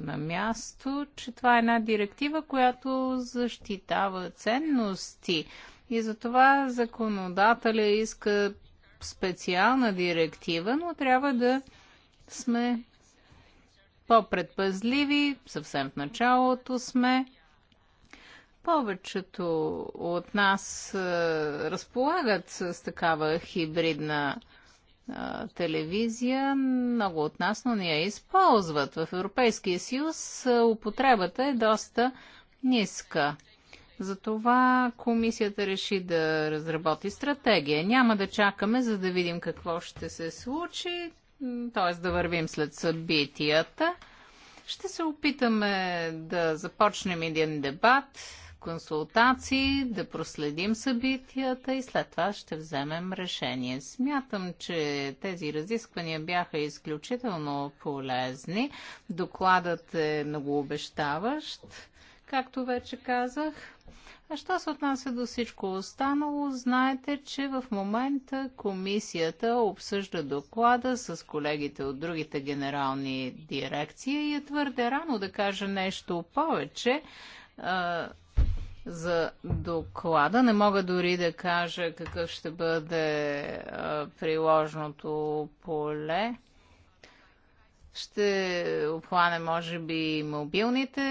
на място, че това е една директива, която защитава ценности. И затова законодателя иска специална директива, но трябва да сме по-предпазливи, съвсем в началото сме. Повечето от нас е, разполагат с такава хибридна е, телевизия. Много от нас, но не я използват. В Европейския съюз е, употребата е доста ниска. Затова комисията реши да разработи стратегия. Няма да чакаме, за да видим какво ще се случи т.е. да вървим след събитията. Ще се опитаме да започнем един дебат, консултации, да проследим събитията и след това ще вземем решение. Смятам, че тези разисквания бяха изключително полезни. Докладът е многообещаващ, както вече казах. А що се отнася до всичко останало, знаете, че в момента комисията обсъжда доклада с колегите от другите генерални дирекции и е твърде рано да кажа нещо повече а, за доклада. Не мога дори да кажа какъв ще бъде а, приложното поле. Ще обхване, може би, мобилните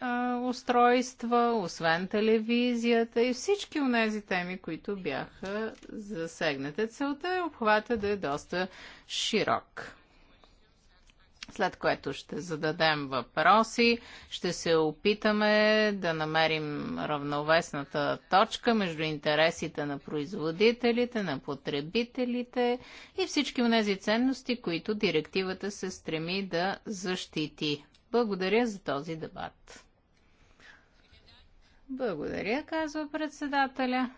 а, устройства, освен телевизията и всички от тези теми, които бяха засегнати. Целта е обхвата да е доста широк след което ще зададем въпроси. Ще се опитаме да намерим равновесната точка между интересите на производителите, на потребителите и всички тези ценности, които директивата се стреми да защити. Благодаря за този дебат. Благодаря, казва председателя.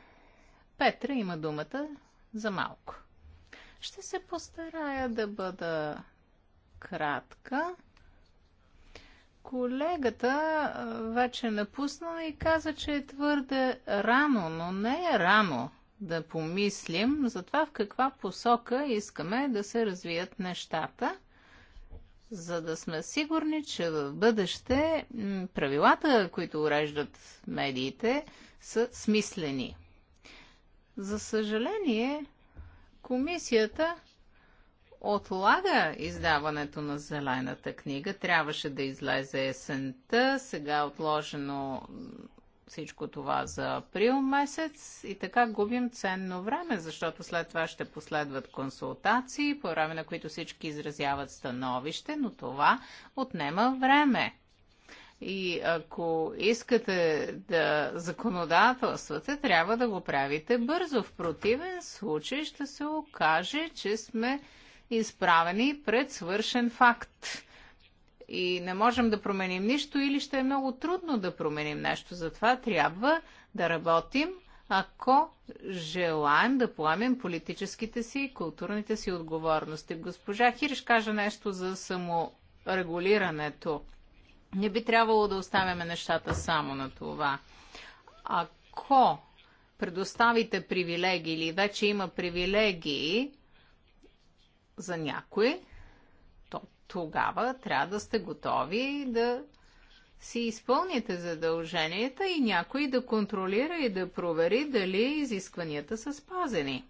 Петра има думата за малко. Ще се постарая да бъда кратка. Колегата вече е напусна и каза, че е твърде рано, но не е рано да помислим за това в каква посока искаме да се развият нещата, за да сме сигурни, че в бъдеще правилата, които уреждат медиите, са смислени. За съжаление, комисията отлага издаването на зелената книга. Трябваше да излезе есента, сега е отложено всичко това за април месец и така губим ценно време, защото след това ще последват консултации, по време на които всички изразяват становище, но това отнема време. И ако искате да законодателствате, трябва да го правите бързо. В противен случай ще се окаже, че сме изправени пред свършен факт. И не можем да променим нищо или ще е много трудно да променим нещо. Затова трябва да работим, ако желаем да поемем политическите си и културните си отговорности. Госпожа Хириш каже нещо за саморегулирането. Не би трябвало да оставяме нещата само на това. Ако предоставите привилегии или вече има привилегии, за някой, то тогава трябва да сте готови да си изпълните задълженията и някой да контролира и да провери дали изискванията са спазени.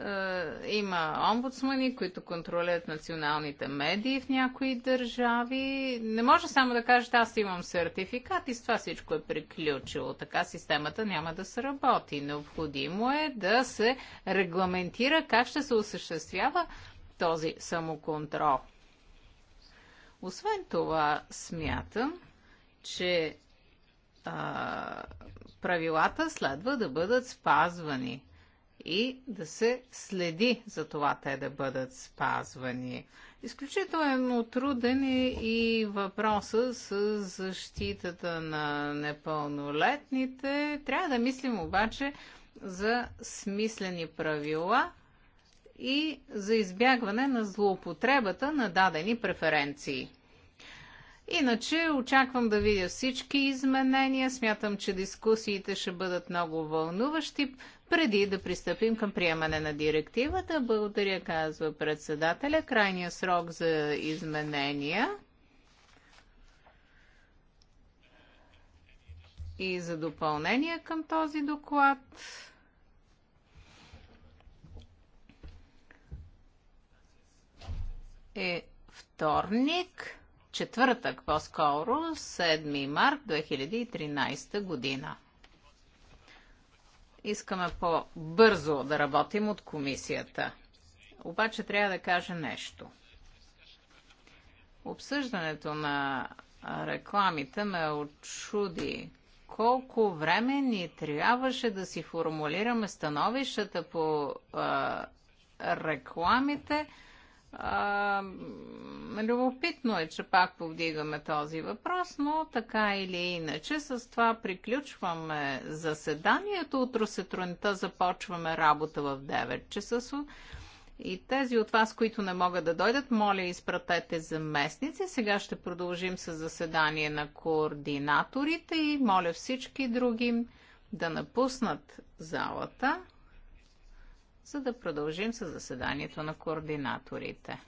Е, има омбудсмани, които контролят националните медии в някои държави. Не може само да кажете, аз имам сертификат и с това всичко е приключило. Така системата няма да се работи. Необходимо е да се регламентира как ще се осъществява този самоконтрол. Освен това, смятам, че а, правилата следва да бъдат спазвани и да се следи за това те да бъдат спазвани. Изключително труден е и въпроса с защитата на непълнолетните. Трябва да мислим обаче за смислени правила и за избягване на злоупотребата на дадени преференции. Иначе очаквам да видя всички изменения. Смятам, че дискусиите ще бъдат много вълнуващи преди да пристъпим към приемане на директивата. Благодаря, казва председателя. Крайният срок за изменения и за допълнение към този доклад. е вторник, четвъртък по-скоро, 7 март 2013 година. Искаме по-бързо да работим от комисията. Обаче трябва да кажа нещо. Обсъждането на рекламите ме очуди. Колко време ни трябваше да си формулираме становищата по а, рекламите, а, любопитно е, че пак повдигаме този въпрос, но така или иначе с това приключваме заседанието. Утро сутринта започваме работа в 9 часа. И тези от вас, които не могат да дойдат, моля изпратете заместници. Сега ще продължим с заседание на координаторите и моля всички други да напуснат залата за да продължим с заседанието на координаторите.